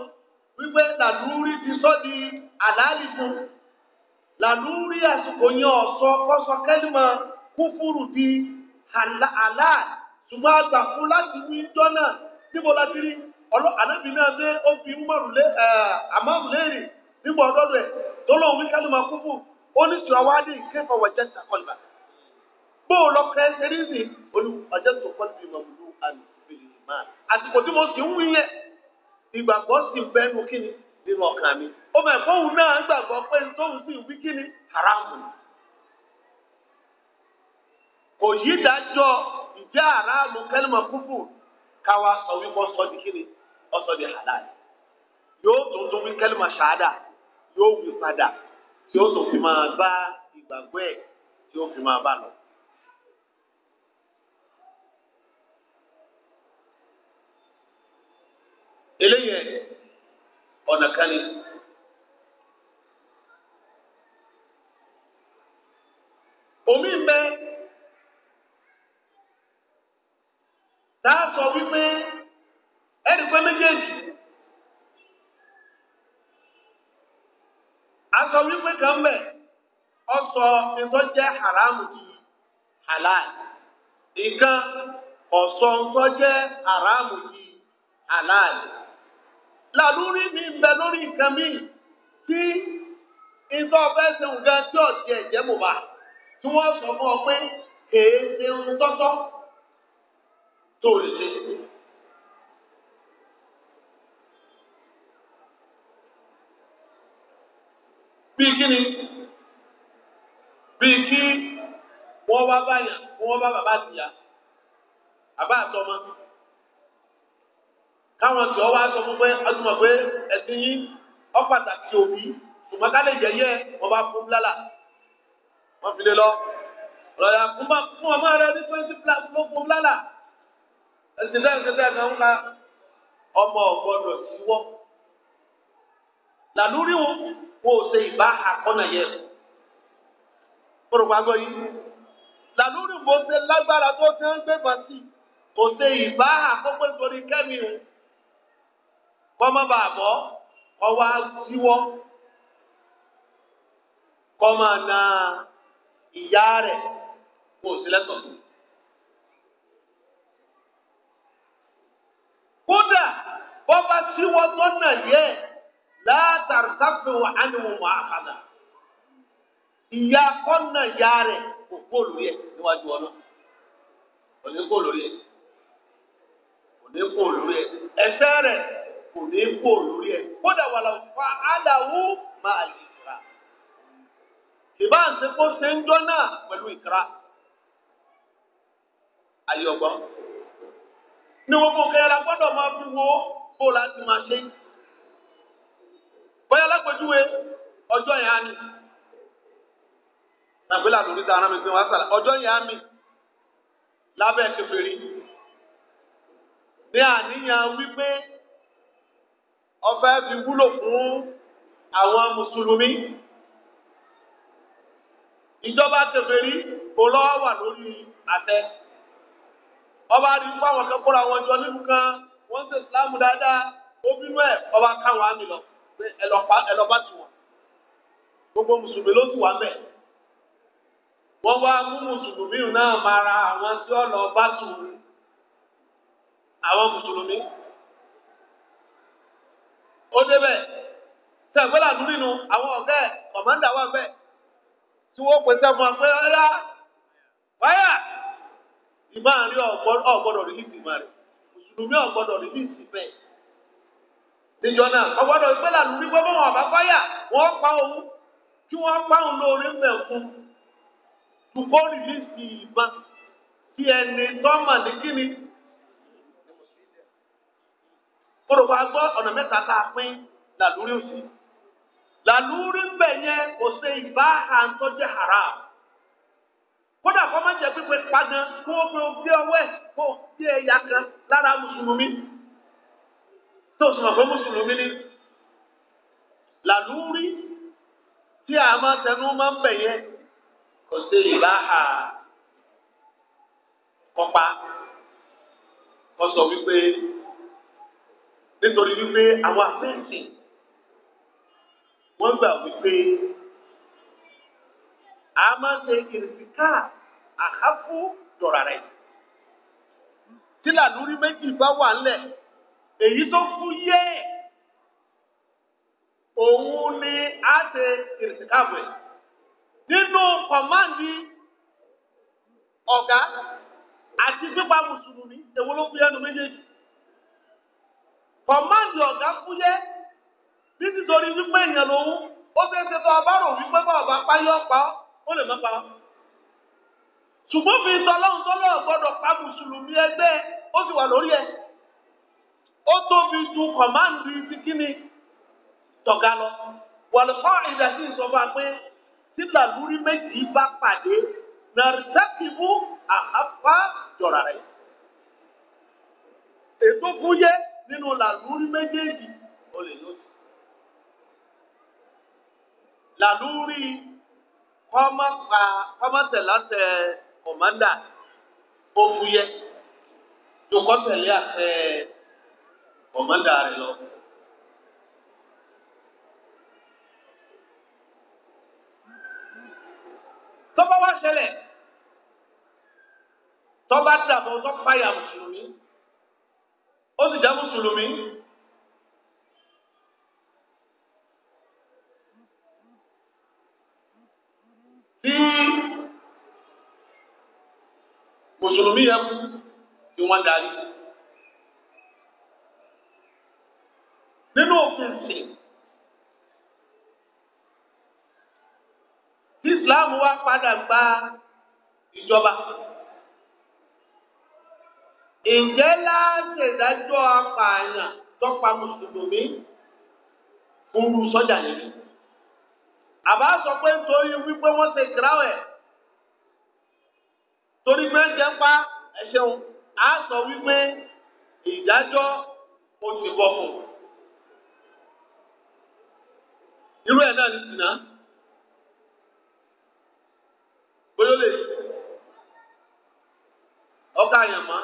wípé làlúrí ti sọ di àlàálì fún làlúrí àsìkò yẹn ọ̀sọ́ kọ́sọ kẹ́lìmọ̀ kúfúrú di àlàálì ṣùgbọ́n àgbà fún láti wí jọ́nà níbo la ti rí ọlọ́ ànábì náà dé ó fi umaru lé ẹ̀ amáhùn léèrè nígbà ọdọ́dọ̀ ẹ̀ tó lóun wí kẹ́lìmọ̀ kúfù ó ní sùràwádìí kéfọ̀wọ̀ jẹ́ sàkọlùbà bó o lọ kẹ́ ṣe rí sí olú ọjọ́ tó kọ́ níbi mọ̀mọ́lú àlùfẹ́lẹ́ máa àsìkò tí mo sì ń wí yẹn ìgbàgbọ́ sì ń bẹ́nu kí ni nínú ọkàn mi ó mọ̀ ẹ̀kọ́ òun náà ń gbàgbọ́ pé tóun sì wí kí ni haramu kò yí dájọ́ ìjẹ́ haramu kẹ́lẹ́mọ̀ kúfù káwa sọ wípé ọsọ di kí ni ọsọ di halal yóò tún tún wí kẹ́lẹ́mọ̀ ṣáádà yóò wí padà tí ó fi máa bá ìgbàgbọ́ ẹ̀ tí fi máa bá lọ. eléyìí ọ̀nà kan ni. omi ń bẹ tá a sọ wípé ẹnì pé méjèèjì a sọ wípé kan bẹ ọsọ sọ nǹkan jẹ haramu di halal nǹkan ọ̀sọ̀ nǹkan jẹ haramu di halal. làlúrí mi ń bẹ lórí nǹkan mi tí ìtọ́ fẹ́ ṣe nǹkan tí ọ̀sẹ̀ ẹ̀jẹ̀ mò bá tí wọ́n sọ fún ọ pé kèé ṣe ń tọ́tọ́ tó lè ṣe. bí kíni bí kí wọ́n bá báyà wọ́n bá bàbá àtìyà àbá àtọmọ káwọn tí wọ́n wá sọ fún pé ọdún pé ẹ̀sìn yín ọ pàtàkì òbí ṣùgbọ́n ká lè yẹ̀yẹ́ wọ́n bá fún lálà wọ́n fi lè lọ. ọ̀rọ̀yà fún ọmọ rẹ ní twenty plus ló fún lálà ẹ̀sìn náà ṣe tẹ̀ kan ká ọmọ ọ̀gbọ́dọ̀ síwọ́. làlúrí wo wo ṣe ìbá àkọ́nà yẹ kóró yìí làlúrí wo ṣe lágbára tó ṣe ń gbé bọ̀ kò ṣe ìbá àkọ́pẹ́ torí kẹ́mi o kọ́mọ́ bá bọ́ ọwọ́ síwọ́ kọ́mọ́ na ìyá rẹ̀ kó o sí lẹ́tọ̀ọ́. kódà bọ́ba síwọ́ tọ́nà yẹ látàrí sáfìwọ̀ ánìwọ̀n mọ́ àkàdà ìyá kọ́nà ìyá rẹ̀ kò kó lórí ẹ̀ níwájú ọ̀nà kò ní kó lórí ẹ̀ kò ní kó lórí ẹ̀ ẹ̀ṣẹ̀ kò ní kú lórí ẹ̀ kódà wà láwùfà aláwù máa lè ìkra ìbá ń ṣe kó ṣe ń jọ náà pẹ̀lú ìkra ayé ọgbọ́n ní gbogbo kẹrẹ la gbọ́dọ̀ máa fi wo bó láti máa ṣe bóyá lápẹjúwe ọjọ́ yẹn á ní nàgbélà lórí ta ara mi pé wọn sàlà ọjọ́ yẹn á mi lábẹ́ kẹfẹ́rí ní àníyàn wípé ọfẹ́ fi wúlò fún àwọn mùsùlùmí ìjọba tẹfẹrí olówó wà lórí àtẹ ọba rí fáwọn kan kóra wọn jọ nínú kan wọn ṣe ìsìlámù dáadáa ó bínú ẹ ọba káwọn àmì lọ pé ẹlọba ti wọn gbogbo mùsùlùmí ló sì wà mẹ wọn wá mú mùsùlùmí náà máa ra àwọn tí ọlọ bá tù àwọn mùsùlùmí ó débẹ̀ tẹ ìpínlẹ̀ àdúrí àwọn ọ̀gá ẹ̀ kọ̀mọ́ndà wà bẹ́ẹ̀ tí wọ́n pè sẹ́ apẹ́ ọ̀rá wáyà ìmọ̀ ọ̀gbọ́dọ̀ rí ìsìn máa rẹ̀ mùsùlùmí ọ̀gbọ́dọ̀ rí bẹ́ẹ̀ níjọ náà ọ̀gbọ́dọ̀ pé ọ̀bá fáyà wọ́n pa òun kí wọ́n pa òun lórí mẹ́kún tí ẹni kóró wa gbọ́ ọ̀nà mẹ́ta tá a pín làlúrí òsì làlúrí ń bẹ̀ yẹn kò ṣe ìbá àǹtọ́jẹ́ haram kódà kó má jẹ pípé pagan kó o fi gbé ọwọ́ ẹ̀ kó o gbé ẹ̀yà kan lára mùsùlùmí tó sùn ọ̀pọ̀ mùsùlùmí ni làlúrí tí a máa tẹnu máa ń bẹ̀ yẹn kò ṣe ìbá à kọ́pa kó sọ wípé nítorí wípé àwọn afẹ́ǹsì wọ́n gbà wípé a máa ń ṣe ìrìsíkà àháfù dọ̀rà rẹ̀. tí làlúrí méjì bá wà ńlẹ̀ èyí tó fún yẹ́ òun ni a ṣe ìrìsíkà bẹ̀. nínú kọ̀máǹdì ọ̀gá àti pípa mùsùlùmí èwo ló fi ẹnu méjèèjì kọ̀máǹdì ọ̀gá fúyẹ́ títí torí wípé èèyàn lòun ó fẹ́ ṣe tó ọba rò wípé bá ọba páyé ọ̀pá ó lè má pa ọ́. ṣùgbọ́n fi tọ́lọ́hún tọ́lọ́hún gbọ́dọ̀ pa mùsùlùmí ẹgbẹ́ ó sì wà lórí ẹ̀. ó tóbi ju kọ̀máǹdì ti kíni tọ̀gá lọ. wàlùkọ́ ìdá sí ìsọfà pé tí làlúrí méjì bá pàdé nàrìsẹ́kìmù àhápá jọ̀rọ̀ rẹ̀. ètò fúyẹ́ nínú làlúrí méjèèjì ó lè lóṣù làlúrí kọ́mọ́tẹ̀lásẹ̀ kọ̀mọ́dà òfúyẹ jòkọ́tẹ̀lé àṣẹ kọ̀mọ́dà rẹ̀ lọ. tọ́ba wá ṣẹlẹ̀ tọ́ba dàbọ̀ tọ́páyà mùsùlùmí ó sì já mùsùlùmí. tí mùsùlùmí yẹn kú tí wọ́n darí. nínú òfin sìn Islam wá padà gba ìjọba ǹjẹ́ láṣẹ̀dájọ́ apààyàn tọ́pa mùsùlùmí fúru sọ́jà yìí àbá sọ pé nítorí wípé wọ́n ṣe ìkìráwẹ̀ torí pé ń jẹ́ pa ẹ̀ṣẹ̀hùn á sọ wípé ìdájọ́ ó ti bọ̀ fún un. irú ẹ̀ náà ní sìnà bóyá ó lè ọkọ àyànmọ́.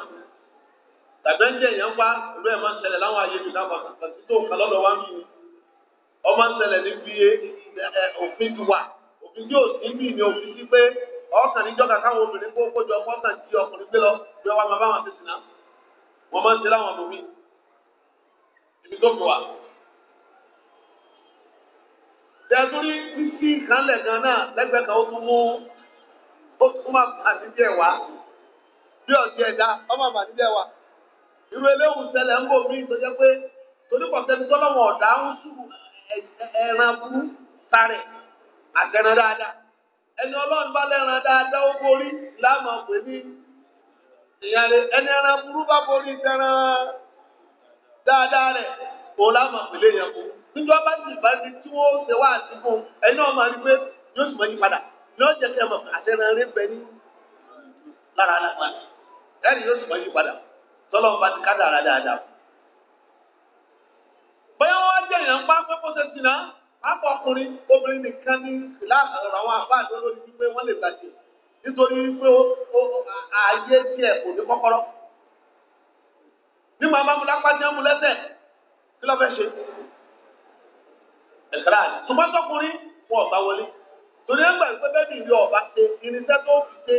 tàbí ẹ̀jẹ̀ wá irú ẹ̀ máa ń láwọn ayé ìgbà kan tó lọ́dọ̀ wá ni ọmọ ń ṣẹlẹ̀ níbi òfin ti wà òfin tí ò sí ní òfin pé ọkàn níjọba káwọn obìnrin kó kójọ tí ọkùnrin gbé lọ bí máa bá wọn ti sìnà máa ń ibi tó fi wà. tẹ̀sùrí kanlẹ̀ gan náà lẹ́gbẹ̀ẹ́ kan ó tún mú ó tún irú eléwù ṣẹlẹ̀ ń bò mí tó jẹ́ pé tonípọ̀sẹ́ni tọ́lọ́wọ̀n ọ̀dà ń sùn ẹran bú kárẹ̀ àtẹran dáadáa ẹni ọlọ́run bá lẹ́ran dáadáa ó borí láàmú pè ní ìyàrá ẹni ẹran burú bá borí tẹran dáadáa rẹ̀ kò láàmú pè léyìn ẹ̀kọ́ níjọ́ bá ti bá ti tí wọ́n ṣe wá àti fún ẹni náà máa pé yóò sì mọ padà yóò kí ẹ tọ́lọ́mù bá ti kádàrá dáadáa. bóyá wọ́n wá jẹ́ èèyàn pa pé kó ṣe jìnnà àpò ọkùnrin obìnrin nìkan ní ìlànà àwọn àbáàdó lórí wípé wọ́n lè gbàgbé nítorí wípé ààyè tiẹ̀ kò ní kọ́kọ́rọ́. nígbà máa mú lápá tí wọ́n mú lẹ́sẹ̀ kí ló fẹ́ ṣe. ẹ̀kárá ṣùgbọ́n tọkùnrin wọn ọ̀gbá wọlé torí ẹgbẹ́ ìpẹ́bẹ́bì ìlú ọ̀bá ṣe irinṣẹ́ tó fi ṣe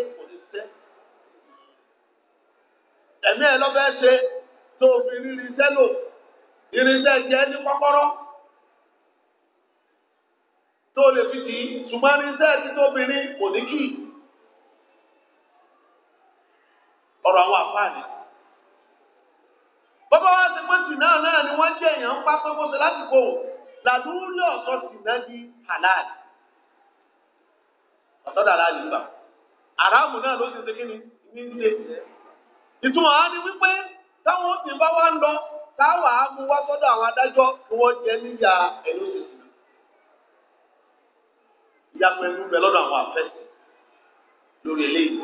ẹ̀mí ẹ lọ́bẹ̀ ṣe tó fi irinṣẹ́ lò irinṣẹ́ jẹ́ ní kọ́kọ́rọ́ tó lè fi tì í ṣùgbọ́n irinṣẹ́ ti kò ní àwọn àfáàní. bọ́bá ti pé tì náà náà ni wọ́n jẹ́ èèyàn ń pa pé kó ṣe lásìkò làdúró ọ̀sọ́ tì náà di halal ọ̀sọ́dà gbà àràmù náà ló ti ni ní ìtumọ̀ á ní wípé táwọn òsì bá wá ń lọ táwọn àámú wá sọ́dọ̀ àwọn adájọ́ kí wọ́n jẹ níyà ẹ̀yọ́ ya sí. ìyàpẹ̀ bẹ lọ́dọ̀ àwọn àfẹ́sì lórí eléyìí.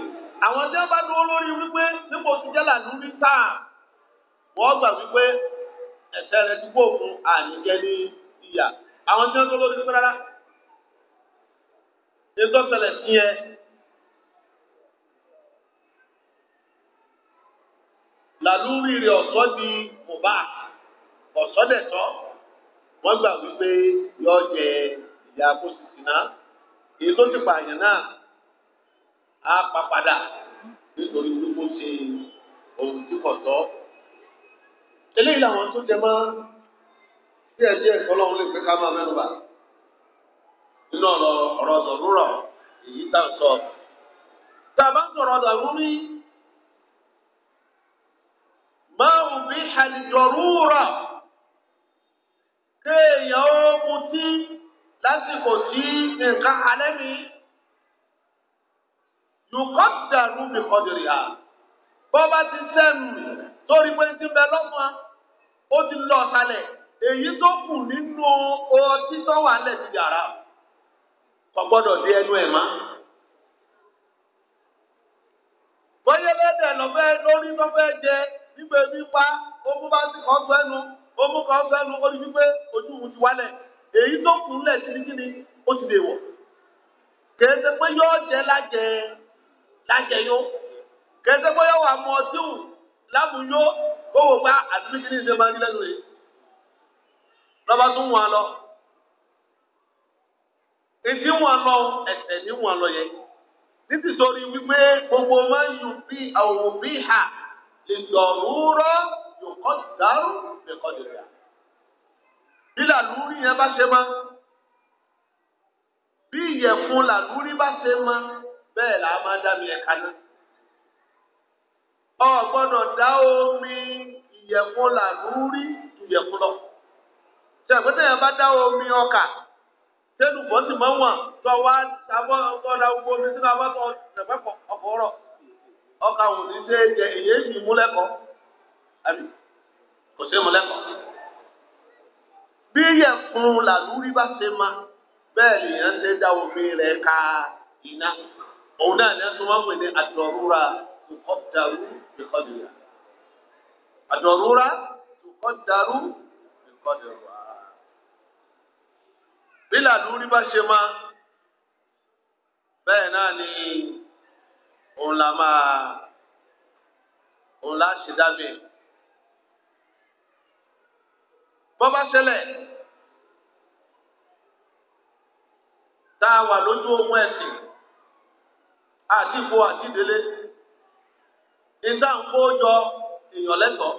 àwọn tí wọ́n bá dúró lórí wípé nípò tí jẹ́là ń rí táà wọ́n gbà wípé ẹ̀sẹ̀ rẹ̀ dúpọ̀ fún àníjẹ́ ní ìyà. àwọn tí wọ́n lórí làlúrí rẹ̀ ọ̀sọ́ di mùbá ọ̀sọ́dẹ̀tọ́ wọ́n gbà wípé yọ jẹ ìyá kó sì sí náà èyí tó ti pààyàn náà á pa padà nítorí pé kó ṣe ohun tí kò tọ́. eléyìí làwọn tó jẹ mọ́ díẹ̀ díẹ̀ kọ́lọ́hún lè pé ká máa mẹ́nu bà nínú ọ̀rọ̀ ọ̀rọ̀ ọ̀dọ̀ èyí tá à ń sọ. tá a bá ń sọ̀rọ̀ ọ̀dọ̀ àmúrí. ما ń bí àdìdọ̀rúurà kéèyàn ó mutí lásìkò tí nǹkan alẹ́ mi yùkọ́ dàrú mi kọ́dìrì à bọ́ bá ti sẹ́nu torí pé ti bẹ lọ́fún ó ti lọ ọ̀sálẹ̀ èyí tó kù nínú ọtí tó wà lẹ̀ ti yàrá kò gbọ́dọ̀ dé ẹnu ẹ̀ má. bóyá lẹ́dẹ̀ẹ́ lọ́fẹ́ lórí lọ́fẹ́ jẹ nígbà ebi pa omú bá ti kọ́ sẹ́nu omú kọ́ sẹ́nu ó di wípé ojú òun ti wálẹ̀ èyí tó kù lẹ̀ kirikiri ó ti dè wọ̀ kèéṣe pé yóò jẹ lájẹ lájẹ yó kèéṣe pé yóò wà mọ ọtí wù lábùúyó ó wò pa ah, àti bí kìíní ṣe máa rí lẹ́nu yìí lọ́ba tún wọn lọ ìdí wọn lọ ẹsẹ̀ ní wọn lọ yẹn títí sórí wípé gbogbo máa ń yù bí àwòrán bí hà ìdọ̀rúrọ́ yòókọ́ dárú nìkan lè rà. bí làlúrí yẹn bá ṣe mọ́ bí ìyẹ̀fun làlúrí bá ṣe mọ́ bẹ́ẹ̀ là á máa dá mi ẹ̀ka náà. o gbọ́dọ̀ dá omi ìyẹ̀fun làlúrí ìyẹ̀fun lọ. ṣàgbété yẹn bá dá omi ọkà tẹlifọ̀ sì mọ́ wọn tó wá sábọ́ ọ̀dà gbogbo omi sínú abọ́ tó ọ̀dà pẹ́pọ̀ ọ̀pọ̀ ọ̀rọ̀ ọkà wò ní sẹ jẹ èyí èsì múlẹkọ àbí kò sí múlẹkọ bí yẹfun làlúrí bá ṣe ma bẹ́ẹ̀ lèèyàn ṣe dá omi rẹ̀ ka iná òun náà ní ẹsùn wọn pè ní àdọrúra tùkọ dàrú ìkọ dìrà àdọrúra tùkọ dàrú ìkọ dìrà bí làlúrí bá ṣe ma bẹ́ẹ̀ náà ni òun la máa òun la ṣe dábì bọ́bá ṣẹlẹ̀ tá a wà lójú ohun ẹ̀sìn àdìbò àdìdélé ìdá ń kó jọ èèyàn lẹ́tọ̀ọ́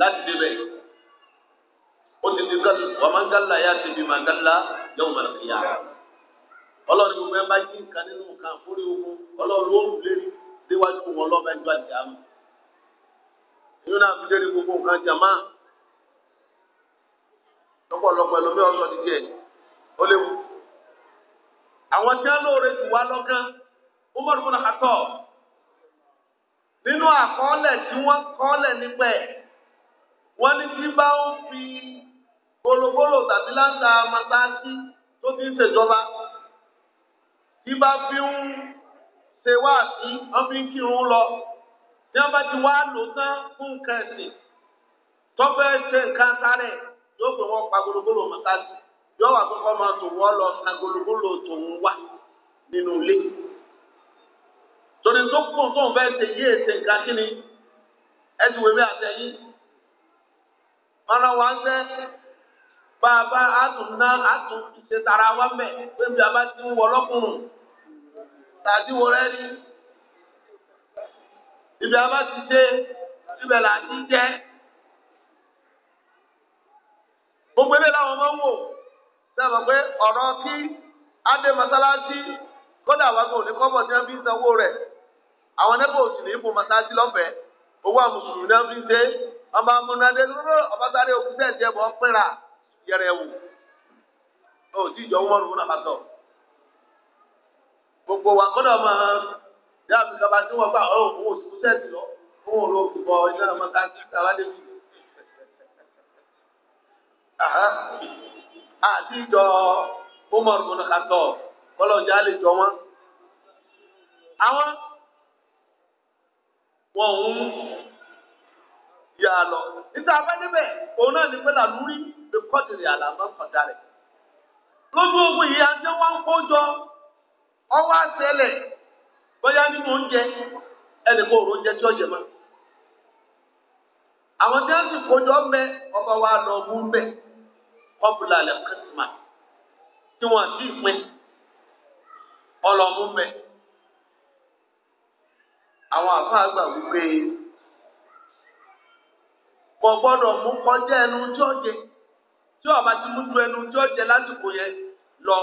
láti débẹ̀ o ti di wàmangàlá yá ti bí màgàlá yóò mọ̀ nìyá. ọlọ́run gbogbo ẹ bá yí nǹkan nínú nǹkan àforí ogun ọlọ́run ó rù lérí déwájú wọn lọ́ba ẹjọ́ àdìyàmù inú náà fi lérí gbogbo nǹkan jàmá lọ́pọ̀lọpọ̀ ẹlòmíràn ọ̀sọ̀ ti jẹ́ ó léwu. àwọn tí wọn lóore jù wá lọ́gán Umar bin nínú àkọọ́lẹ̀ tí wọ́n kọ́ọ́lẹ̀ wọ́n ní tí bá ń fi tàbí tó ti tí bá fi ń ṣe wá sí wọn fi ń kírun lọ ní wọn bá ti wá lò tán fún nǹkan ẹ̀sìn tọ́fẹ́ ṣe nǹkan sáré yóò pè wọ́n pa gologolo mọ́tàlì yóò wà pé kọ́ máa tòun ọ ta gologolo tòun wà nínú ilé torí tó kún tóun fẹ́ ṣe yí èsè nǹkan kí ni ẹ ti wèé bí àtẹ̀yìn mọ́nà wá ń sẹ́ bàbá àtúnná àtúnṣe tara wa mẹ pé bí a bá ti ń wọ lọkùnrin tàbí wọ rẹ ni ibi a bá ti dé ibẹ̀ la ti jẹ gbogbo ebi làwọn máa ń wò sábà pé ọ̀rọ̀ kí adé masalasi kódà wà gbọ́ ní kọ́bọ̀ tí wọ́n fi ń sanwó rẹ̀ àwọn nẹ́pọ̀ òsì ní ipò masalasi lọ́fẹ̀ẹ́ owó àmùsùlùmí náà fi ń dé ọba amúnadé lọ́rọ́ ọba sáré òkúta ẹ̀jẹ̀ bọ́ pínra yẹrẹ wò ó ti jọ wọ́n rún náà tọ̀ gbogbo wa kọ́dọ̀ máa dáàbò kaba tí wọ́n gbà ọ́ òun ò sùn sẹ́ẹ̀tì lọ òun ò lọ bọ̀ iná ọmọ ká sí ìta wálé mi. àti ìjọ Umar bin Khattab kọlọ́jà lè jọ wọn. àwọn wọn ò yà lọ. níta abẹ́ níbẹ̀ òun náà ní pẹ́ làlúrí. lókọ́dìrì àlàmọ́ kọ̀dárẹ̀. lójú ogun yìí ajé wa ń kójọ ọwọ́ àtẹlẹ̀ bóyá nínú oúnjẹ ẹnì kò rò oúnjẹ tí mọ́. àwọn tí wọ́n sì kójọ mẹ ọba wa lọ mú mẹ kọ́bùlà lẹ̀ kẹ́sìmà tí wọ́n pín ọlọ́mú mẹ. àwọn àfa àgbà wípé kò gbọ́dọ̀ mú tí ọba ti mú ju ẹnu tí ó jẹ lásìkò yẹn lọ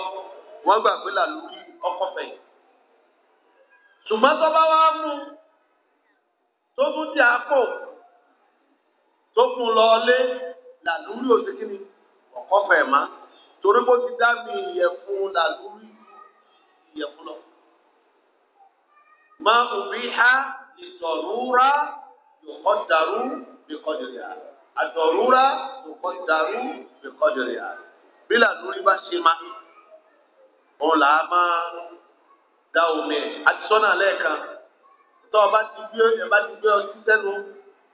wọn gbà pé làlórí ọkọ fẹ ṣùgbọ́n tó bá wá mú tó tún di àpò tó kún lọ lé làlórí òṣèkìní ọkọ fẹ má torí bó ti dá mi ìyẹ̀fun làlórí ìyẹ̀fun lọ máa ń bí ha ìtọ̀rúra yòókọ̀ dàrú bí kọ́ dèrè àná àdọ̀rúra nǹkan dàrú nǹkan jọrẹ à bí làlórí bá ṣe má òun là á máa da omi ẹ̀ àti sọ́nà lẹ́ẹ̀kan tó o bá ti gbé ẹ bá ti gbé ọtí sẹ́nu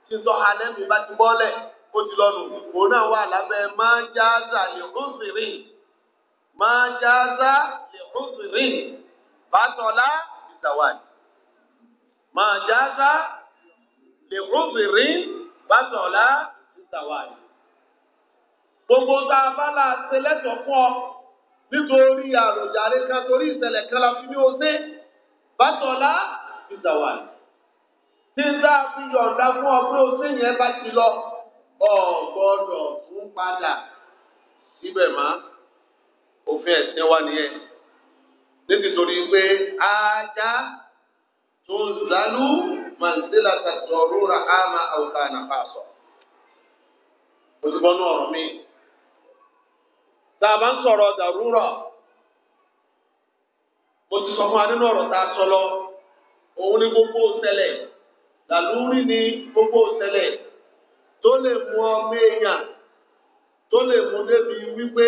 tí n tọ́ha lẹ́nu bá ti bọ́lẹ̀ ó ti lọ́nu òun náà wà lábẹ́ máa jáza lè húnzìrì máa jáza lè húnzìrì bàtọ́lá ìtàwáyé máa jáza lè húnzìrì bàtọ́lá sàwáyé gbogbo tá a bá la ṣe lẹ́tọ̀ọ́ fún ọ nítorí àròjàre kan torí ìṣẹ̀lẹ̀ kan la fi ní o ṣe bàtọ̀lá ìsàwáyé tí n dá fi yọ̀ǹda fún ọ pé o ṣe yẹn bá ti lọ ọ̀gbọ́dọ̀ fún padà síbẹ̀ má òfin ẹ̀sìn wa nìyẹn nítorí pé ajá tó ń zálú màǹdílà tàtọ̀rọ̀ ra àmà àwùká nàfàṣọ. ó ti mi. tá nsọrọ bá ń sọ̀rọ̀ dàrúrọ̀ mo ti sọ fún wa nínú ni gbogbo ṣẹlẹ̀ làlúrí ni gbogbo tó lè mú ọmọ tó lè mú débi wípé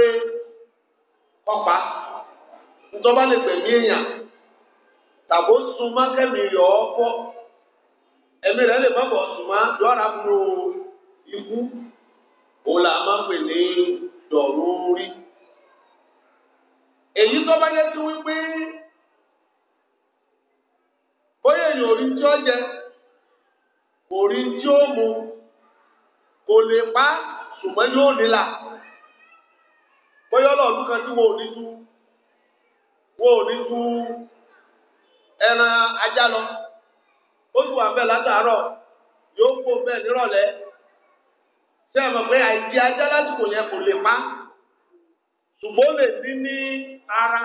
ọ̀pá ntọ́ba lè èèyàn tàbó yọ ọ́ ẹ̀mí rẹ̀ lè má bọ̀ òun la máa ń pè ní Eyi èyí tó bá yẹ sí wípé bóyá èèyàn orí tí ó jẹ orí tí ó mu kò lè pa ṣùgbọ́n yóò nílà bóyá ọlọ́ọ̀dún kan tí wọn ò ní ẹran ajá lọ ó sì wà bẹ́ẹ̀ ṣé ẹ mọ̀ pé àìjẹ ajá lásìkò yẹn kò lè pa ṣùgbọ́n ó lè ní ní ara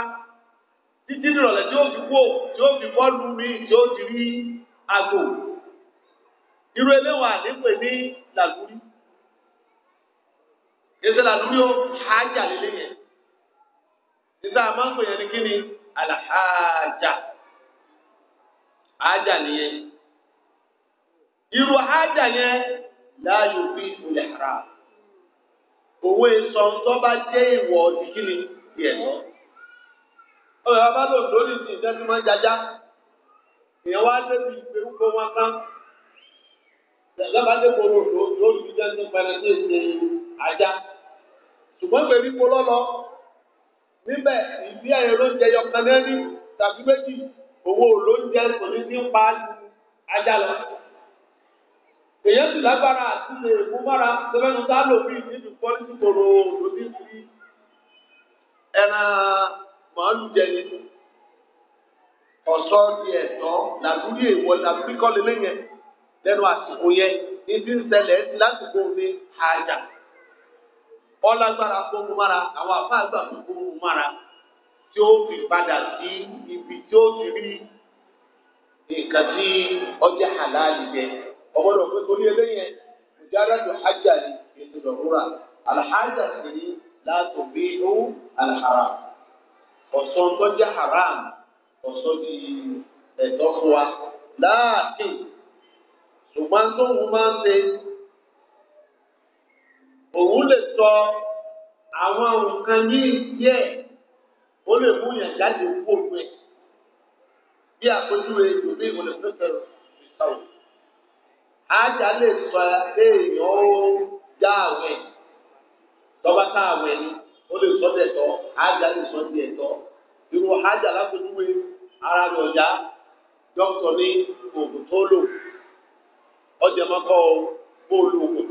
títí ìrọ̀lẹ́ tí ó fi kú tí ó fi bọ́ọ̀lù mi tí ó ti rí àgbò irú eléwà nípe ní làlúrí èsì làlúrí ó hájà lélẹ̀ yẹn nígbà máa pè yẹn ní kí ni àlàhájà hájà nìyẹn irú hájà yẹn láàyò bí ìpìlẹ̀ ara òwe sọ̀n tó bá jẹ́ ìwọ̀ ọdún kí ni tiẹ̀ lọ. ọ̀rọ̀ bá lò lórí ti ìtẹ́sí máa ń jajá èèyàn wá débi ìgbérúkọ wọn tán lábàá dépò lórí ti ìtẹ́sí pẹ̀lẹ́ ní èsì ajá ṣùgbọ́n gbèríko lọ́lọ́ níbẹ̀ ìdí ẹ̀yẹ ló ń jẹyọ kan náà ní tàbí méjì owó ló ń jẹ kò ní ní pa ajá lọ. èyàn sì lágbára àti lè mú mára sẹfẹnu tá a lò bí níbi pọlísì kòrò lòdì sí ẹran màálù jẹni ọ̀sọ́ di ẹ̀tọ́ làbúrí èèwọ̀ làbúrí kọ́ lélẹ́ yẹn lẹ́nu àsìkò yẹn ní ti ń ṣẹlẹ̀ lásìkò ní àjà ibi tí ó ti rí nǹkan tí ọjà àlàálì ọgbọ́dọ̀ pé torí eléyẹn mujarradu hajja ni ètò ìdọ̀rúra alhaja sì ni láti bí inú alharam ọ̀sán tó jẹ́ haram ọ̀sán di ẹ̀tọ́ fún wa láàkìn ṣùgbọ́n tó wù máa ń ṣe òun lè sọ àwọn nǹkan ní ìdí ó lè mú yàn jáde owó rẹ̀ bí àpèjúwe ìlú ní ìwòlẹ̀ fẹ́ fẹ́ràn ìta òkú. haja lè sọ èèyàn ó já àwẹ̀ tọ́ba ká àwẹ̀ ni ó lè sọ dẹ̀ tọ́ ájá lè sọ díẹ̀ tọ́ irú ájá lápẹjúwe ara rẹ̀ ọ̀já ní oògùn tó lò ọjà máa kọ́ bóòlù oògùn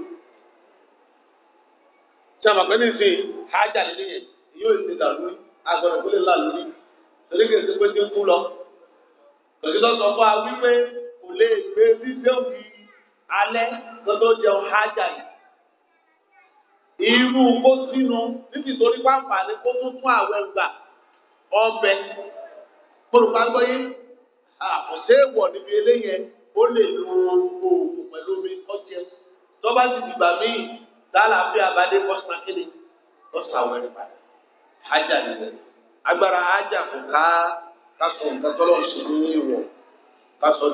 tí a máa pẹ́ nísìnyí ájá yẹn yóò ṣe agbọ̀dọ̀ alẹ́ lọ́dọ̀ jẹun hájà yìí irú kó sínú títí torí pàǹfààní kó tún fún àwẹ̀ gbà ọbẹ̀ olùpàgbọ́ yìí àkọsẹ́ ìwọ̀ níbi eléyẹn ó lè lo oògùn pẹ̀lú omi ọjẹ́ tọ́ba ti dìgbà míì lálàáfíà kéde agbára hájà kò ká ní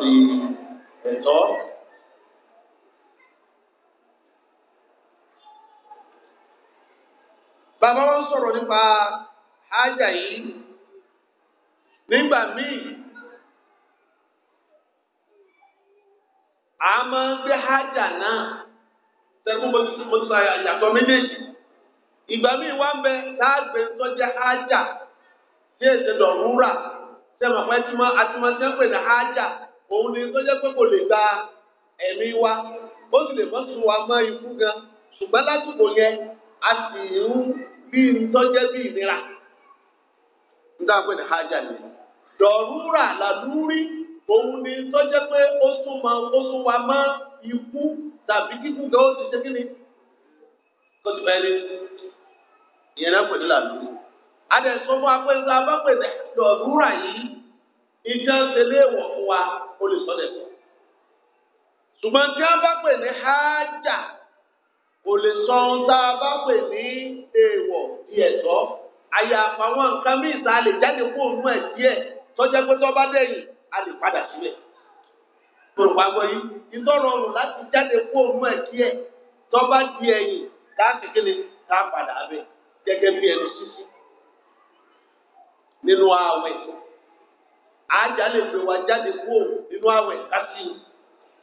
di ẹ̀tọ́. bàbá wọn sọ̀rọ̀ nípa ájà yìí nígbà míì a máa ń gbé ájà náà tẹ̀kún mo sọ àyàtọ̀ méjèèjì ìgbà míì wá ń bẹ láàgbé tó jẹ́ ájà tí èsè lọ́rùúrà tẹ̀mọ̀ pé tí wọ́n ti máa ń pè ní ájà òun ni tó jẹ́ pé kò lè gba wa ó sì lè mọ́ sùn wa ikú gan ṣùgbọ́n yẹn. a sì ń rí ntọ́jẹ́ bí ìnira nígbà pé ni dọ̀rúrà làlúrí òun ni tọ́jẹ́ pé ó súnmọ́ ó súnwà mọ́ ikú tàbí kíkú gan ó ti ṣe kí ni kó ti bẹ́ẹ̀ ni ìyẹn náà pè làlúrí adẹ̀sọ́ fún apẹ́sẹ́ abápẹ́sẹ́ dọ̀rúrà yìí ìjà wa ó sọ ṣùgbọ́n tí a bá pè ní kò lè sọ ohun tá a bá pè ní èèwọ̀ di ẹ̀tọ́ àyàfà àwọn nǹkan míì tá a lè jáde fún òun ẹ̀ díẹ̀ pé tọ́ a lè padà síbẹ̀ yìí láti jáde fún òun ẹ̀ díẹ̀ tọ́ bá di ẹ̀yìn ká kékeré padà bẹ̀ gẹ́gẹ́ bí ẹnu sísí nínú àjà lè wá jáde fún òun nínú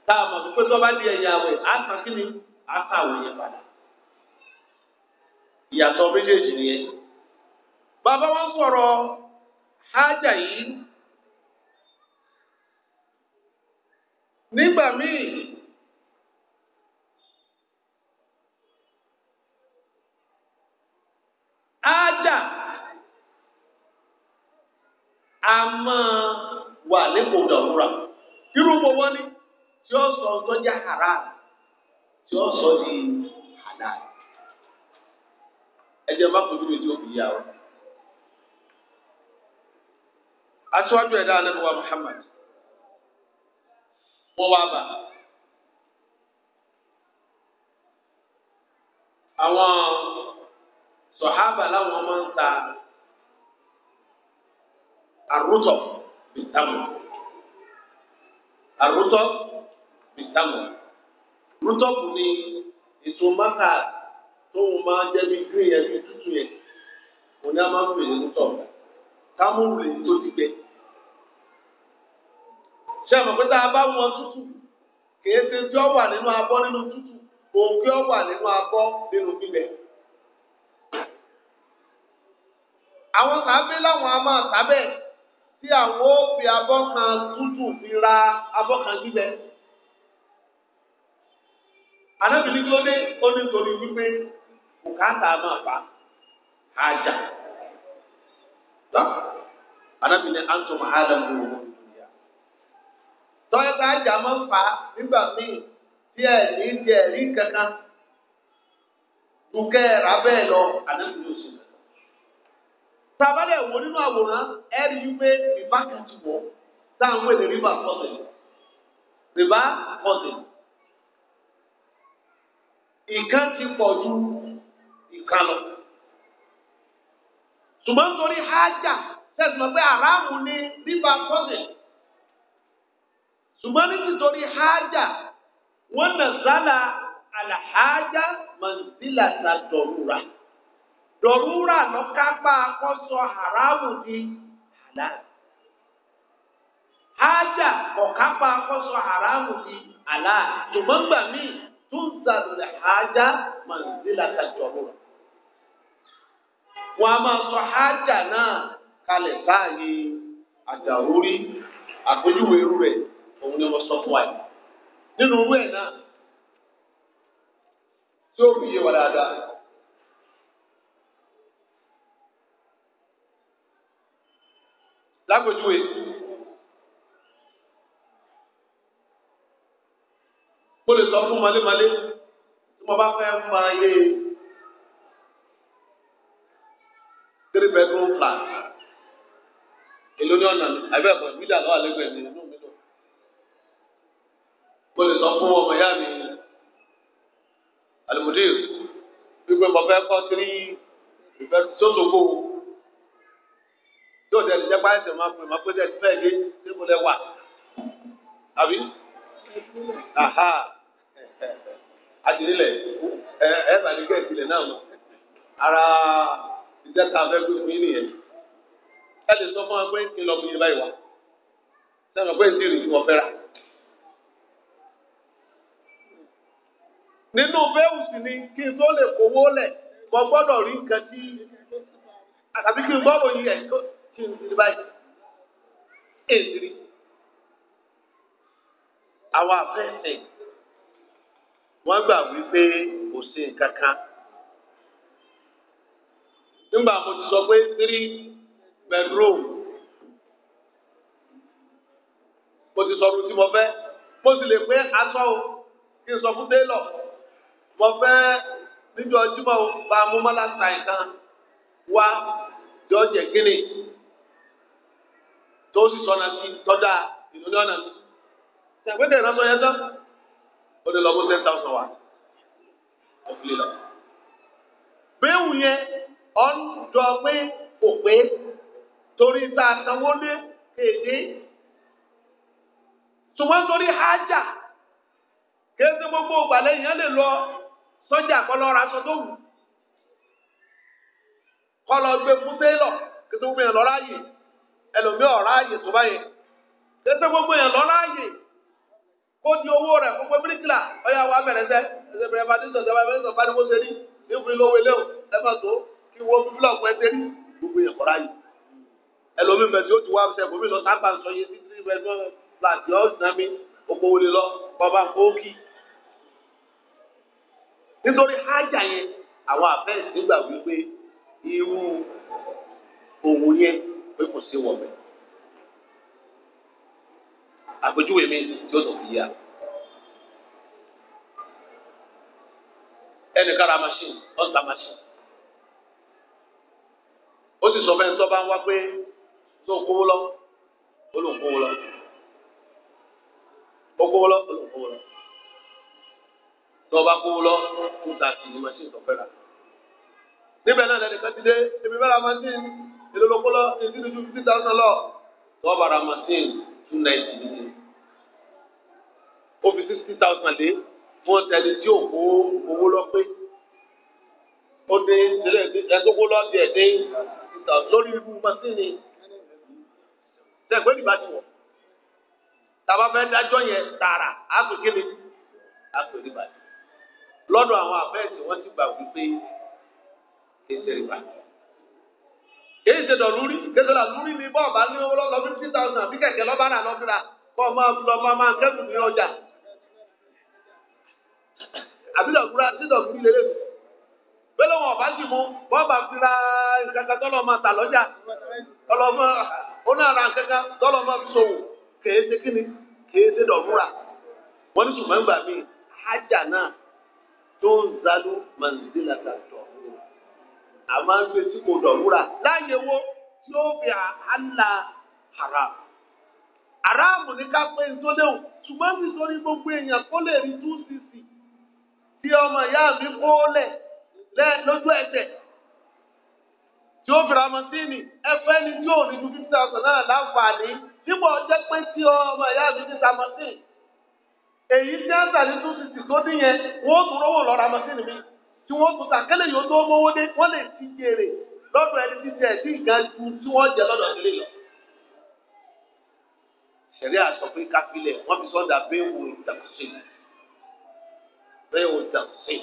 tá a mọ̀ pé tọ́ bá di ẹ̀yìn á kàwé yẹn padà ìyàtọ̀ méjèèjì nìyẹn bàbá wọn sọ̀rọ̀ hájà yìí nígbà míì hájà a máa wà lẹ́kọ̀ọ́ dàrúra irú gbogbo wọn ni tí ó sọ ọjọ́ jẹ́ haram. tí ó sọ di àdá ẹjẹ má fojú mi tí ó fi yá o. ẹ̀dá alẹ́ wa Muhammad wọ́n wá bá àwọn sọ̀hábà láwọn máa ń ta àrùtọ̀ rútọ́pù ni ètò mákà tóun máa jẹ́ bí green yẹn bí tútù yẹn kò ní a máa ń pè ní rútọ́pù kámúrù lè tó ti gbẹ. ṣé àmọ̀ pé tá a bá wọn tútù kìí ṣe tí ó wà nínú abọ́ nínú tútù òun kí ó wà nínú abọ́ nínú gbígbẹ. àwọn sàbẹ̀ láwọn a máa sàbẹ̀ tí àwọn ó fi abọ́ kan tútù fi ra abọ́ kan gbígbẹ. anábìlí tó dé ó ní torí wípé bùkátà máa bá àjà tó anábìlí antum alamu tọ́yẹ́ta àjà máa ń fa nígbà míì díẹ̀ ní díẹ̀ rí kankan dùkẹ́ rà bẹ́ẹ̀ lọ anábìlí oṣù tàbálẹ̀ wò nínú àwòrán ẹ̀rí wípé rìbá ti wọ̀ táwọn èdè ìkan ti pọ̀ ju ìkan lọ. ṣùgbọ́n torí hájà tẹ̀sán pé àràmù ni bíbá kọ́sẹ̀. ṣùgbọ́n ní títorí hájà wọ́n nà sálà àlàhájà mọ̀nsílà ta dọ̀rúra. dọ̀rúra lọ kápá akọ́sọ àràmù ni àlá. hájà ọ̀kápá akọ́sọ àràmù ni àlá. ṣùgbọ́n gbà míì. túnzàlù lè ma mànzílà kàjọ̀bùrà. Wọ́n a máa sọ hájà òun ni wọ́n sọ fún wa yìí. Nínú owó ẹ̀ náà tí ó fi yé mo lè sọ fún malémalé tí mo bá fẹ́ fa ilé three bedroom flat èlò ní ọ̀nà àbí ẹ̀kọ́ mílíọ̀nù lọ́wọ́ àlẹ́gbẹ̀ẹ́ mi inú mi dùn mo lè sọ fún ọmọ ìyá mi alimudir wípé mo fẹ́ kọ́ three ìfẹ́ tó lóko yóò dẹ̀ jẹ́ pàṣẹ tẹ̀ máa pè máa pè tẹ̀ fẹ́ẹ̀ dé tí mo lẹ wà àbí aha. àtìrílẹ̀ ẹ ẹ bàlí gẹ̀ẹ́sì lẹ̀ náà ara ìjẹ́ ta fẹ́ gbé fún yín nìyẹn fún wa pé kí n lọ fún yín báyìí wá sẹ́nu pé ti rìn nínú sì ni kí n tó lè kówó lẹ̀ mo gbọ́dọ̀ rí nǹkan tí àtàbí kí n wọ́n gbà wípé kò sí nǹkan kan. nígbà mo ti sọ pé three bedroom mo ti sọ ohun tí mo fẹ́ mo sì lè pé aṣọ o kí n sọ fún télọ̀ mo fẹ́ níjọ́ jímọ̀ o bá a mú mọ́lá ta nǹkan wá jọ́jẹ̀ gíní tó sì sọ̀nà sí tọ́jà ìlú ní ọ̀nà. ṣàgbékalẹ̀ ìrànlọ́yẹ tán ó lè lọ mú ten thousand wa ó fi lè lọ. béèwù yẹn ọ ń jọ pé kò pé torí tá a sanwó lé kéde ṣùgbọ́n torí hájà kéde gbogbo ìgbàlẹ̀ yẹn lè lọ sọ́jà kọ́lọ́ ra aṣọ tó wù kọ́lọ́ gbé fún tẹ́lọ̀ kéde gbogbo yẹn lọ́ọ́ ráàyè ẹlòmíọ̀ ráàyè tó báyẹn kéde gbogbo yẹn lọ́ọ́ ráàyè ó di owó rẹ̀ fún pé bíríkìlà ọ̀yà wa bẹ̀rẹ̀ sẹ́ ẹsẹ̀ bẹ̀rẹ̀ bá dísọ̀ sẹ́wà ẹ̀fẹ̀ sọ̀fà ni mo ṣe rí ìfúri lówó ilé o ẹ̀fẹ̀ tó kí wọ́n fi bílọ̀ pẹ́ dé gbogbo yẹn kọ́ra yìí ẹlòmíì mẹ́tì ó ti wá ṣe kò mí lọ sábà sọ yé títí ẹgbẹ́ láti ọ̀sán mi oko wọlé lọ bàbá fóókì nítorí hájà yẹn àwọn àfẹ́sì nígbà wípé irú òun yẹn pé kò sí wọ̀mẹ́ àpèjúwe mi yóò tó fi yá. ẹnì kára machine ọ̀sà machine ó sì sọ fẹ́ tó bá ń wá pé tó kówó lọ ó lòún kówó lọ ó kówó lọ ó lòún kówó lọ tó bá kówó lọ kó ta sí ní machine tó fẹ́ rà níbẹ̀ náà lẹ́nu kan ti dé èmi bẹ́ẹ̀ ra machine èlò lóko lọ èyí ti dùn ju fifty lọ tó bá ra machine two ninety ó fi sixty thousand lé fún ẹni tí ò kó owó lọ pé ó dé ẹsọ́kó lọ́ọ̀dì ẹ̀ dé lórí irú masínì tẹ̀gbẹ́ni bá ti wọ̀ tàbá fẹ́ dájọ́ yẹn tààrà àpèkéle àpèlè bàjẹ́ lọ́dọ̀ àwọn àfẹ́ẹ̀sì wọ́n ti gbà wípé kéṣe rí bàjẹ́ kéṣe ṣe dọ̀ lórí kéṣe dọ̀ lórí ni bọ́ọ̀ bá ní owó lọ́ọ́ lọ́ọ́ fifty thousand àbí kẹ̀kẹ́ lọ́ọ́ bá rà lọ́ọ́ fi rà kọ́ ọ máa lọ́ọ́ máa kẹ́kùn ní ọjà. àbí dọ̀kúra sí dọ̀kúri lè wọn ọ̀bá sì mú bọ́ọ̀bà fira tọ́lọ̀ máa tà lọ́jà tọ́lọ̀ máa ọ̀nà ara nǹkankan tọ́lọ̀ máa fi sòwò kèé ṣe kíni kèé ṣe dọ̀kúra wọn ní ṣùgbọ́n gbà mí hájà náà tó ń zalú màndínlátà dọ̀kúra àmọ́ ń gbé kò dọ̀kúra láàyè wo tí ó fi tí ọmọ ìyá mi kó lẹ̀ lójú ẹsẹ̀ tí ó fìrà mọ́ sí ni ẹgbẹ́ ni tí ò ní ju fifty thousand náà láǹfààní nígbà ọjọ́ pé tí ọmọ ìyá mi ti ta mọ́ sí èyí tí wọ́n tà ní two sixty tó dín yẹn wọ́n tún rówó lọ́ra mọ́ sí ni mi tí wọ́n tún tà kẹ́lẹ́ yóò tó mówó dé wọ́n lè ti jèrè lọ́dọ̀ ẹni tí tẹ̀ sí ìgbà ju tí wọ́n jẹ lọ́dọ̀ ilé lọ. ṣẹ̀rí àsọ̀pé kápílẹ̀ wọ́n fi sọ́dà bẹ́ẹ̀ wo ìtàkùn bẹ́ẹ̀ tàfsí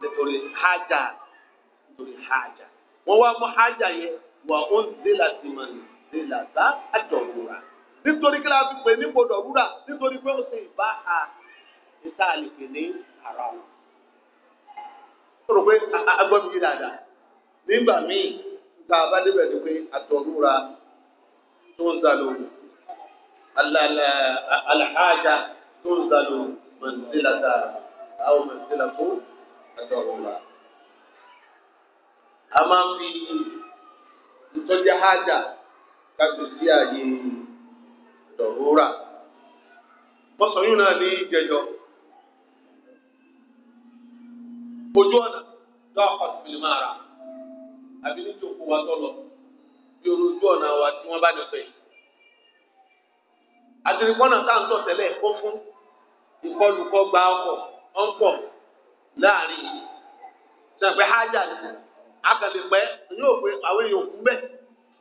nítorí hájà nítorí hájà wọ́n wá mú hájà yẹn wà ó ń zé láti mọ̀ ní zé làtà àjọ̀rúra nítorí kí la fi pè ní gbọdọ̀ rúra nítorí pé ó ṣe ìbá a níta lè pè ní ara wọn. ó rò pé agbọ́n mi dáadáa nígbà míì tá bá débẹ̀ ni pé àjọ̀rúra tó ń zà lóru alàlà tó ń zà lóru. منزلة أو منزلة الضرورة أما في nítorí hájà kájú sí ààyè ìdọ̀rúra yìí náà ní ìjẹjọ́ ojú ọ̀nà tó àkọsílẹ̀ máa rà àbí ní ìjòkó wa tó bí ojú ọ̀nà wa tí wọ́n bá ní pẹ́ àtìrìkọ́nà tá à ń tọ̀ tẹ́lẹ̀ kó fún ìkọlùkọgba ọkọ ọ̀npọ̀ láàrin yìí sàgbẹ́ hajj onye akàlẹ̀ pẹ́ yóò pé àwọn èèyàn kú bẹ́ẹ̀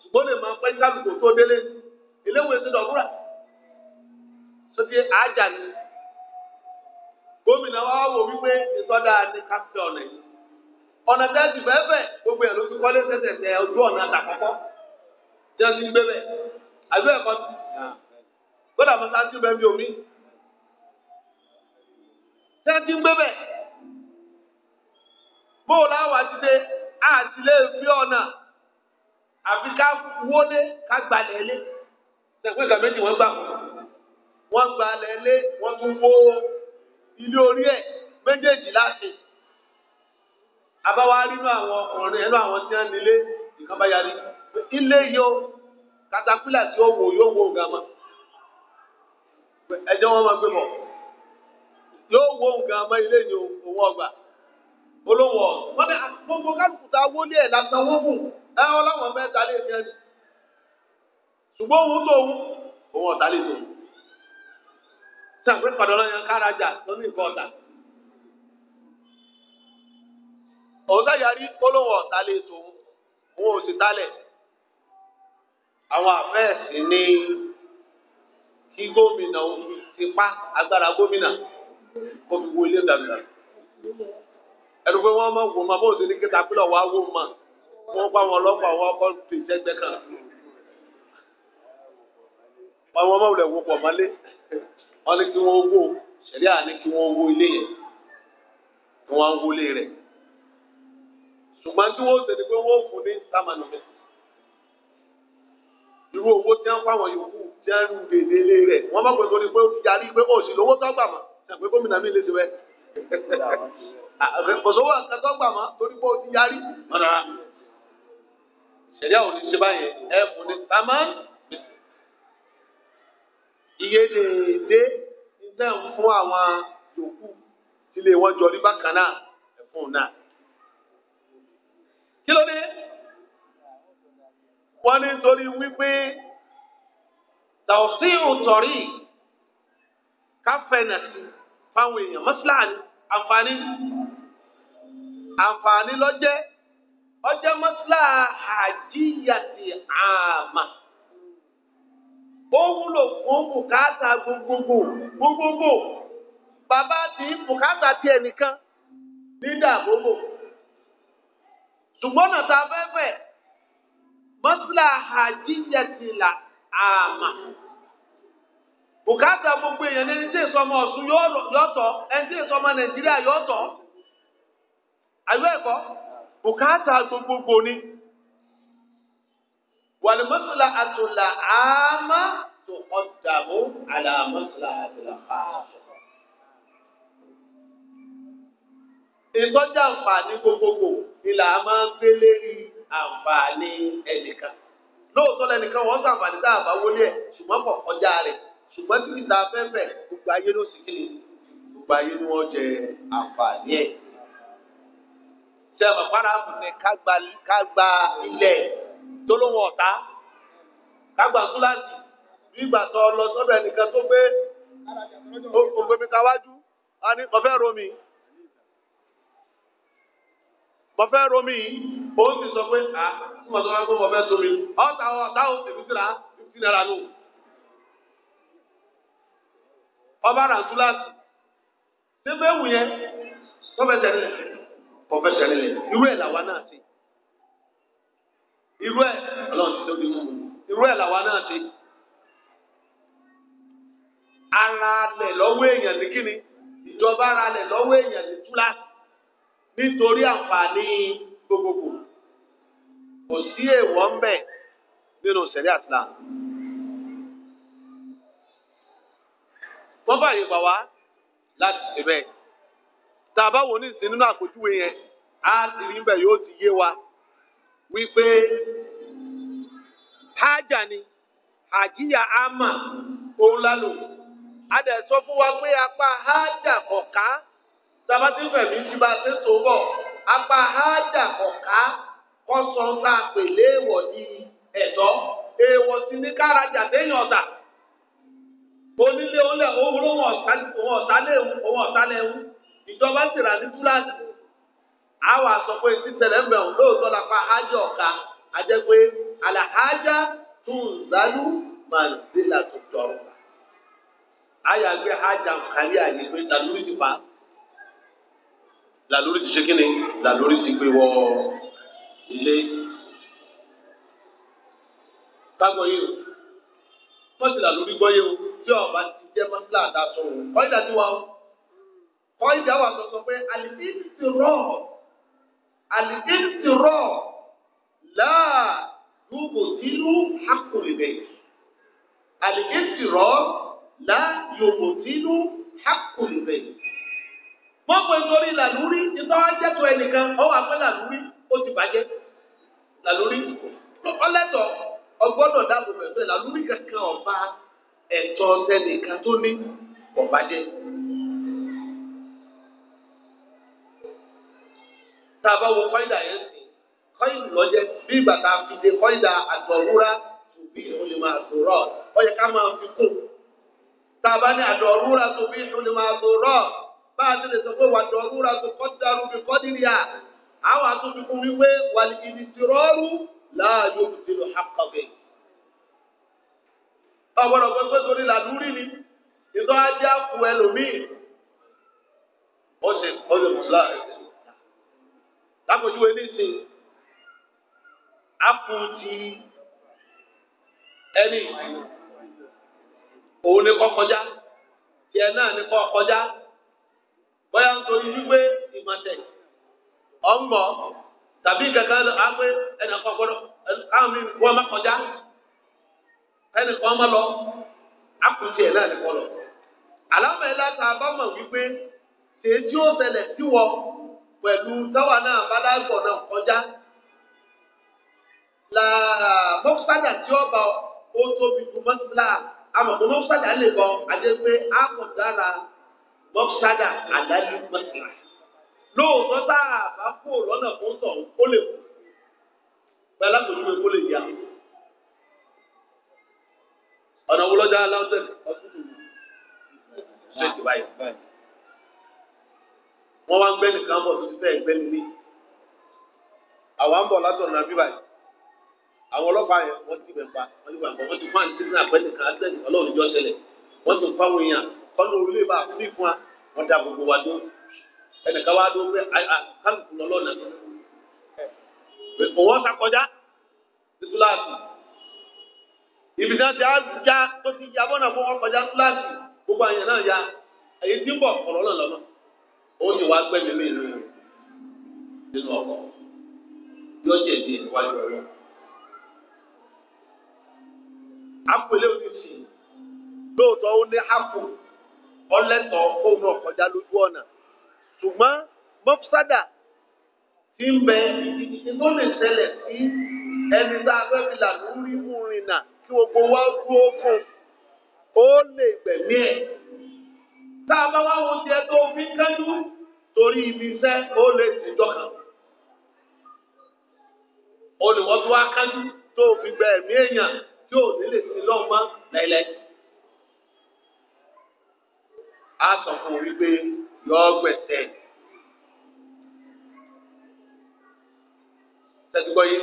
ṣùgbọ́n lè máa pẹ́ kálukú tó délé eléwo ètò ìdọ̀rúrà sókè hajj àti gómìnà wa wò wípé ìtọ́jà ni káfíńtì ọ̀nà yìí ọ̀nà tẹ́sí gbogbo ẹ̀ ló kọ́lé ojú ọ̀nà àtàkọ́kọ́ bẹ́ẹ̀ àbí ẹ̀kọ́ sí bẹ́ẹ̀ bí omi tẹ́tí ń gbé bẹ̀. bóòlù àwọn àtìlẹ́ àtìlẹ́ fi ọ̀nà àfi ká wọlé ká gbalẹ̀ lé ìgbà méjì wọ́n gbà wọ́n gbalẹ̀ lé wọ́n tún wó ilé orí ẹ̀ méjèèjì láti. rínú àwọn àwọn tí wọ́n nílé ilé katapila tí ó wò yóò wò wọn máa gbé bọ̀. yóò wo nǹkan ọmọ ilé ní owó ọgbà olówó wọn bẹ gbogbo kálukú tá a wọlé ẹ lásán wọn fún ẹ ọlọ́wọ́n bẹ ta lé ní e ẹni ṣùgbọ́n òun tó òun e òun ọ̀tá lè e tó òun sàgbé padà lọ́yàn kárajà lọ́nà ìkọ́ ọ̀tá ọ̀tá yarí olówó ọ̀tá lè tó òun òun ò sì tálẹ̀ àwọn àfẹ́ẹ̀sì ní kí gómìnà òun ti pa agbára gómìnà kó fi wo ilé dànù dànù ẹnu pé wọ́n máa wò máa bó ṣe ní kíta pílọ̀ wá wò mà wọ́n pa wọn lọ́pàá wọn kọ́ fi sẹ́gbẹ́ kan àwọn ọmọ wulẹ̀ wò pọ̀ mọ́lé wọ́n ní kí wọ́n wò ṣẹ̀ríà ní kí wọ́n wò ilé yẹn kí wọ́n wò ilé rẹ̀ ṣùgbọ́n tí wọ́n ṣe ni pé wọ́n fún ní sámánù mi irú owó tí wọ́n fáwọn yòókù tí wọ́n ń gbèdélé rẹ̀ wọ́n mọ̀ pé torí pé ó fi yarí pé ó sì lówó tó gbà mọ́ ṣàpè gómìnà mi lè ṣe bẹ́ẹ̀. kò sówó àkàtọ́ gbà mọ́ torí pé o ti yarí. mọ̀nà ṣẹ̀dá ò ní ṣe báyẹn ẹ mú ní pamá. iye dèédé iṣẹ́ ń fún àwọn yòókù ilé wọn jọ rí bákan náà ẹ̀fún náà. kí ló dé? wọ́n ní torí wípé tàwọ́sí ò tọ̀rí káfẹ́ nà sí i. fáwọn èèyàn mọ́síláà ni àǹfààní àǹfààní lọ́jẹ́ ọjọ́ mọ́síláà àjíyàtì àmà ó wúlò fún bùkátà gbogbogbò gbogbogbò bàbá ti bùkátà ti ẹnìkan nídà gbogbo ṣùgbọ́n náà bùkátà gbogbo èèyàn ní ẹni tí èso ọmọ Ọ̀ṣun yọ̀ọ̀tọ̀ ẹni tí èso ọmọ Nàìjíríà yọ̀ọ̀tọ̀ àyọ̀ ẹ̀kọ́ bùkátà gbogbogbò ni wàlùmọ́tòlá àtòlà àmà tó ọ̀dàbò àlàmọ́tòlá àtòlà fáàfọ́. ìtọ́jà àǹfààní gbogbogbò ìlà a máa ń gbé lérí àǹfààní ẹnìkan lóòótọ́ lẹnìkan wọ́n sàǹfààní tá bá wọlé ẹ̀ ṣùgbọ́n kọ̀ kọjá rẹ̀ ṣùgbọ́n títí tá a fẹ́ bẹ̀ gbogbo ayé ló sì kéde gbogbo ayé ni wọ́n jẹ àǹfààní ẹ̀. sẹ́wọ̀n faramu ni ká gba ilẹ̀ tó ló wọ̀ ọ̀tá ká gba kíláàsì bí ìgbà tó lọ sọ́dọ̀ ẹnìkan tó gbé ògbèmíkà wájú a ní kò fẹ́ romi mo fẹ́ romi òun ti sọ pé a ah, mo sọ pé mo fẹ́ somi ọ̀tá ọ̀tá òun tèmi síra fífi náírà nù ọba rà túláàsì síbẹ̀ wù yẹn tó fẹsẹ̀ nílẹ̀ kò fẹsẹ̀ nílẹ̀ irú ẹ̀ làwa náà ti irú ẹ̀ ọlọ́run ti tóbi mú irú ẹ̀ làwa náà ti ara lẹ̀ lọ́wọ́ èèyàn ní kíni ìjọba ara lẹ̀ lọ́wọ́ èèyàn ní túláàsì nítorí àǹfààní gbogbogbò kò sí èèwọ̀ ń bẹ nínú sẹ̀rí àtìláàmù. wọ́n fààyè gbà wá láti ṣe tá a bá wò ní ìsìn nínú yẹn á sì rí bẹ́ẹ̀ yóò ti yé wa wípé hájà ni àjíyà ámà òun lálò a dẹ̀ sọ fún wa pé apá hájà kọ̀ọ̀ká tabatífẹ̀mí ti bá ṣe tó bọ̀ apá hájà ní onílé olè òun ló wọn ọ̀sálẹ̀ òun ọ̀sálẹ̀ ẹ̀hún ìjọba sì rà ní túláàsì àwọn àsọpọ̀ èsì tẹ̀lé mẹ́rin lóòótọ́ la pa ájọ ọ̀ka àjẹpé àlàájá tún zálú màzílà tó tọrọ àyàgbé ájà kárí àyè pé làlórí ti pa làlórí ti ṣe kí ni làlórí ti gbé wọ ilé kágbọ́ yìí wọ́n sì làlórí gbọ́ yìí o tí ọba ti jẹ́ mọ́sílá àdásọ òun kọ́ńdà tí wọ́n kọ́ńdà wà sọ sọ pé àlìdíìsì ti rọ̀ àlìdíìsì ti rọ̀ láà yóò sínú hakùnrinlẹ̀ àlìdíìsì rọ̀ láà yóò sínú hakùnrinlẹ̀ wọ́n pè sórí làlúrí ìtọ́wá jẹ́tọ̀ ẹnìkan ọwọ́ àpẹ́ làlúrí ó ti bàjẹ́ làlúrí ọlẹ́tọ̀ ọgbọ́dọ̀ dáàbò bẹ̀rẹ̀ làlúrí kankan ọ̀fà ẹ̀tọ́ tẹnìkan tó ní ọ̀bàjẹ́. tá a bá wo kọ́ńdà yẹn sìn kọ́ńdà lọ́jẹ́ bí bàtà fi de kọ́ńdà àtọ̀wúrá tòbí ìhùnìmọ̀ àtòrọ̀ ọ̀yẹ̀ ká máa fi tá a bá ní tòbí àtòrọ̀ bá a ti lè sọ pé tó kọ́ fi kọ́ àwọn àtúntò fún wípé wàlìkìlì tìrọ́rù láàyò ọ̀gbọ́dọ̀ pé pé torí làlúrí ni ìtọ́ ajá ku ẹlòmíì ó ṣe ó ṣe mùsùlá lápòjúwe nísìn ápù ti ẹni òun ni kọ́ kọjá tiẹ̀ náà ni kọ́ kọjá bóyá nítorí wípé ìmọ̀tẹ̀ ọ̀ngbọ̀n tàbí kankan àgbẹ̀ ẹnì kan àwọn mi wọ́n má kọjá ẹnì kan má lọ akùnfin ẹ̀ náà nìkan lọ. àlámọ̀ ẹ̀ láta bá mọ̀ wípé tèétí ó ṣẹlẹ̀ sí wọ pẹ̀lú táwa náà bálágbọ̀ náà kọjá. la mọ́sádà tí ó bá ó tóbi ju mọ́sílá àmọ̀tọ́ mọ́sádà lè bọ̀ àti pé a kò dára àdáyé mọ́sílá. lóòótọ́ tá a bá kó lọ́nà tó ń tọ̀ ó lè kú pẹ̀lú àpòjúwe kó lè yá ọ̀nà wo lọ́jà aláwọ̀sẹ̀ ṣètì báyìí. wọ́n wá ń gbẹ́ nìkan bọ̀ tó ti fẹ́ gbẹ́ nílé. àwa ń bọ̀ látọ̀ nà bí báyìí. àwọn ọlọ́pàá yẹn wọ́n ti bẹ̀ pa wọ́n ti gbàgbọ́ wọ́n ti fún àǹtí náà pẹ́ nìkan àgbẹ̀ nìkan lọ́wọ́ níjọ́ ṣẹlẹ̀. wọ́n tún fáwọn èèyàn kọ́nù orílẹ̀ bá fún ìfún wa wọ́n da gbogbo wa dó. ẹnìkan wá dó pé kálukú lọ́lọ́ọ̀nà. òwò sá kọjá títúláàsì ibi tí wọ́n ti á já tó ti ya bọ́nà fún wọn kọjá kíláàsì gbogbo àyàn náà ya èyí tí ń bọ̀ ọ̀rọ̀ náà lọ́nà ó ní wàá gbẹ́mí mi nínú nínú ọkọ̀ yóò jẹ́ ìdí ìwájú ọ̀rọ̀. Apèlé oníṣì lóòótọ́ ó ní àpò ọlẹ́tọ̀ òun ọ̀kọ̀já lójú ọ̀nà ṣùgbọ́n mọ́fúsádà ti ń bẹ ìdíje tó lè ṣẹlẹ̀ sí ẹni tá a fẹ́ fi là lórí mú rìnnà tí gbogbo wa dúró fún ó lè gbẹ̀mí ẹ̀. tá a bá wá wo tiẹ̀ tó fi kẹ́jú torí ibi iṣẹ́ ó lè ti dọ́kà. olùwọ́tò wa kẹ́jú tó fi gbẹ̀mí èèyàn tí ò ní lè ti lọ́gbọ́n lẹ́lẹ́. a sọ fún un wípé yọ gbẹ̀sẹ̀. tẹ́tí gbọ́ yé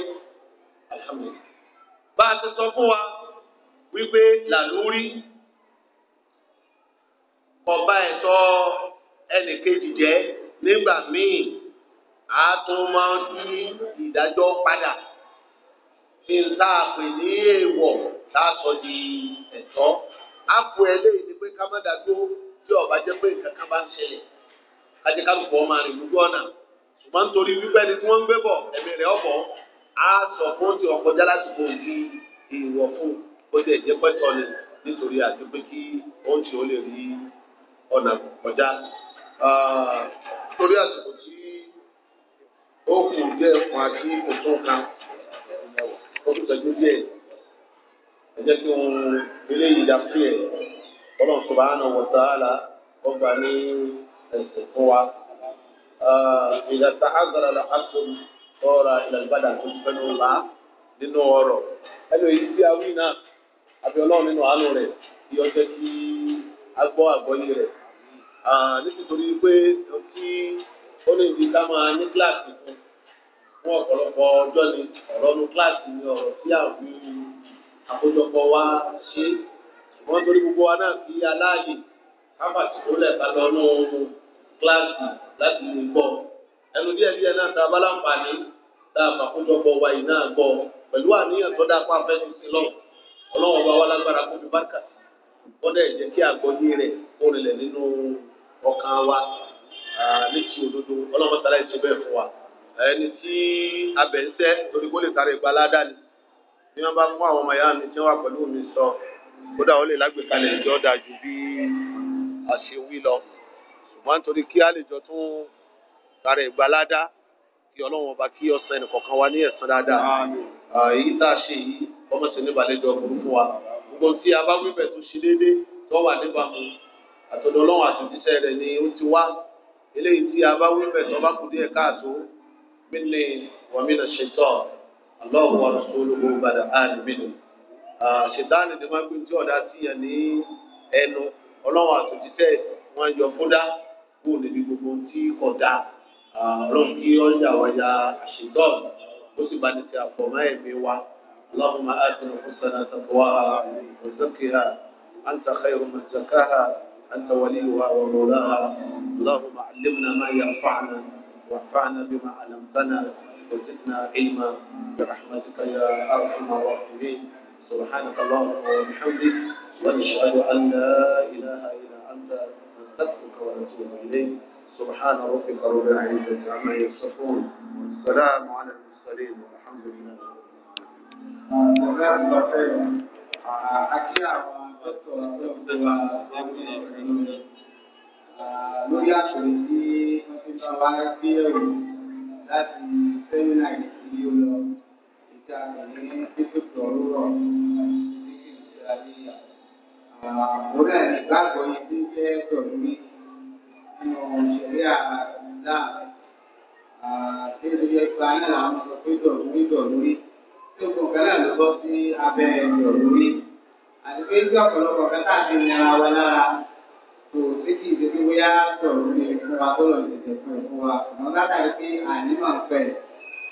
alhamdulilayi bá a ti sọ fún wa wípé làlúrí ọba ẹ̀tọ́ ẹnìkejì jẹ́ nígbà míì a tún máa ń yí ìdájọ́ padà ní nta pè ní èèwọ̀ láàsọ di ẹ̀tọ́ àpò ẹlẹ́yìí ni pé ká má dájú tí ọba jẹ́ pé nǹkan kan bá ń ṣẹlẹ̀ kájẹ kálukú ọmọ rẹ̀ gbogbo ọ̀nà ṣùgbọ́n nítorí wípé ẹni tí wọ́n ń gbé bọ̀ ẹ̀mí rẹ̀ ọ̀bọ̀ á sọ fún ti ọkọjá láti bò èèwọ̀ fún un bó ti jẹ́ pẹ́tọ́ ni nítorí àti pé kí ohun tí ó lè rí ọ̀nà kọjá. Ah, torí àsìkò tí ó kù díẹ̀ fún àti òtún kan ó tún tẹ̀jú díẹ̀ ẹ jẹ́ kí ohun eléyìí dá sí ẹ̀ ọlọ́run subhanahu wa ta'ala ọgbà ní ẹ̀sìn fún wa. إذا تعذر الحق صار إلى البدن تسبحوا الله nínú ọ̀rọ̀ ẹnu èyí tí a wí náà àbí ọlọ́run nínú àánú rẹ̀ kí ọjọ́ kí a gbọ́ àgbọ́yé rẹ̀ nítorí pé kí ó ní ibi ká máa ní kíláàsì fún fún ọ̀pọ̀lọpọ̀ ọjọ́ ni ọ̀rọ̀ nu kíláàsì ni ọ̀rọ̀ tí àwọn àkójọpọ̀ wa ṣe wọ́n torí gbogbo wa náà fi aláàyè káfàtì tó lẹ̀ ká lọ nù kíláàsì láti lè gbọ́ ẹnu díẹ̀ díẹ̀ náà ta bá láǹfààní tá a fàkójọpọ̀ wa yìí náà gbọ́ pẹ̀lú àníyàn tó dáa fún afẹ́sùn lọ́wọ́ ọlọ́wọ́ bá wà lágbára kó fi bárkà sí wọ́n dẹ̀ jẹ́ kí àgbọ̀dé rẹ̀ kó rinlẹ̀ nínú ọkàn wa létí òdodo ọlọ́wọ́ sálẹ̀ ṣe bẹ́ẹ̀ fún wa ẹni tí abẹ̀ ń sẹ́ torí kó lè tara ìgbà ládàá ni bí wọ́n bá fún àwọn ọmọ ìyá mi tí wọ́n wà pẹ̀lú mi sọ kódà ó lè lágbèkalẹ̀ ìjọ dájú bí àṣewí lọ ṣùgbọ́n nítorí kí á tún tara ìgbà ládàá kí ọlọ́run ọba kí ọ̀sán ẹnì kọ̀ọ̀kan wa ní ẹ̀sán dáadáa èyí tá a ṣe yìí ọmọ sì ní ìbàlẹ́jọ burúkú wa gbogbo tí a bá wíbẹ̀ tó ṣe déédé tó wà níbàámu àtọ̀dọ̀ ọlọ́run àtúntìṣẹ́ rẹ̀ ni ó ti wá eléyìí tí a bá wíbẹ̀ tó bá kú díẹ̀ káàtó mílẹ̀ wàmínà ṣètọ́ ọlọ́run wa lọ́sọ̀ olówó gbàdá ààrẹ mílẹ̀ ṣètáàni ti máa ń gbé tí ọ̀dà síyàn ní ẹnu ọlọ́run àtúntìṣẹ́ wọn yọ fúdá kúrò níbi gbogbo tí kò اللهم آت نفوسنا تقواها وزكها أنت خير من زكاها أنت وليها ومولاها اللهم علمنا ما ينفعنا وانفعنا بما علمتنا وزدنا علما برحمتك يا أرحم الراحمين سبحانك اللهم وبحمدك ونشهد أن لا إله إلا أنت نستغفرك ونتوب إليك سبحان ربك رب العزة عما يصفون والسلام على المرسلين والحمد لله جزاكم الله خيرا àti àwọn akẹ́kọ̀ọ́ tó ń bọ̀ wá lábẹ́ ìròyìn lórí àṣírí tí wọ́n ti bá wá gbé ẹ̀rù láti sẹ́mínà ìdí lọ ìta ní pípẹ́tù ọ̀rọ̀ àkórẹ́ ìgbàgbọ́ yìí ti jẹ́ pẹ̀lú nínú ìṣẹ̀lẹ̀ àdá àti ìṣẹ̀lẹ̀ ìgbà náà làwọn sọ pé dọ̀lórí dọ̀lórí tí o kàn kálá ló bọ́ sí abẹ́ dọ̀lórí àti pé ní ọ̀pọ̀lọpọ̀ kátà ti nira wa lára kò sí kí ìṣẹ̀lẹ̀ bóyá dọ̀lórí fún wa tó lọ ìṣẹ̀lẹ̀ fún ẹ̀fọ́ wa ṣùgbọ́n látàrí pé ànímọ̀ ń fẹ̀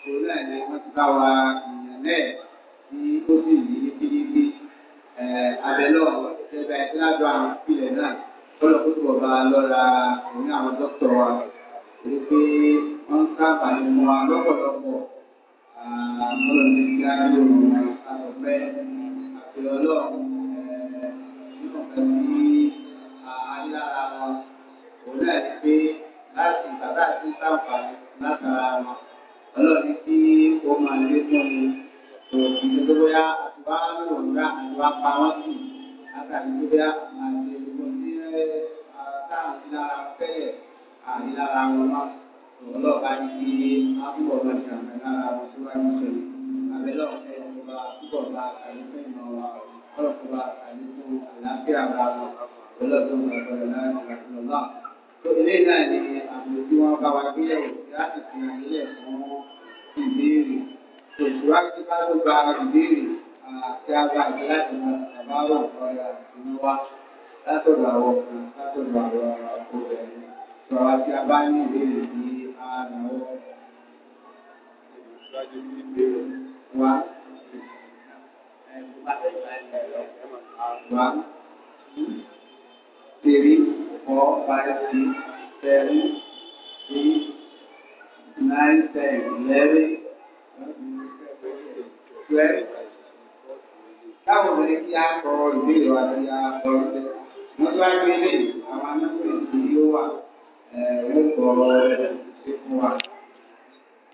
kò náà ni wọ́n ti bá wa ìyàn náà tí ó sì yí ní pínípí abẹ́ náà wọ́n ti tẹ́ kọ́lọ̀ kó tó bàbá lọ́ra ní àwọn dókítà wa èyí pé wọ́n ń ká àbàyè mọ́ wa lọ́pọ̀lọpọ̀ kọ́lọ̀ ní kí á lò wọ́n àtọ̀pẹ́ àti ọlọ́run nígbàgbọ́ tí alára wọn òun náà ti pé láti bàbá àti sáǹfààní látara wọn ọlọ́run tí ó máa lé fún mi òkè tó bóyá àti wàá lò wọ́n rà pa wọ́n sí àtàlẹ́ tó bóyá àti ẹ̀dùn táwọn ti lára tẹ́lẹ̀ àti lára wọn náà ọlọ́ọ̀bá ti fi àbúrò ọba ti àmì lára wọn síwájú sọ̀rọ̀ àbẹ̀lẹ̀ ọ̀fẹ́ ọba púpọ̀ bá àyẹ̀fẹ́ ìmọ̀ wa ọlọ́ọ̀kọ́ bá àyẹ̀fẹ́ àlàáfíà bá wọn ọlọ́ọ̀tọ́ bá bọ̀rọ̀ láàrin àtúnọ̀ náà. tó ilé náà ni àmì tí wọ́n bá wa gbé yẹ̀wò láti fi hàn ilẹ̀ fún ìbéèrè tòṣùwájú ká ló gba ìbéèrè àti àgbà láti mọ àbáwọ̀ ọ̀rẹ́ àti látọ̀dọ̀ àwọn ọkùnrin látọ̀dọ̀ àwọn ọkùnrin sọ̀rọ̀ àti abá ìbéèrè sí ara wọn. Ìṣáájú ní wa. Wa. Three, four, five, six, seven, eight, nine, ten, eleven, twelve. Táwọn obìnrin kí á kọ ìbéèrè wa sí àkọọ́lẹ̀ wọ́n bá gbé lé àwọn anáfẹ́ tí yóò wà ẹ̀ẹ́dẹ́gbọ̀ọ́ ṣe fún wa.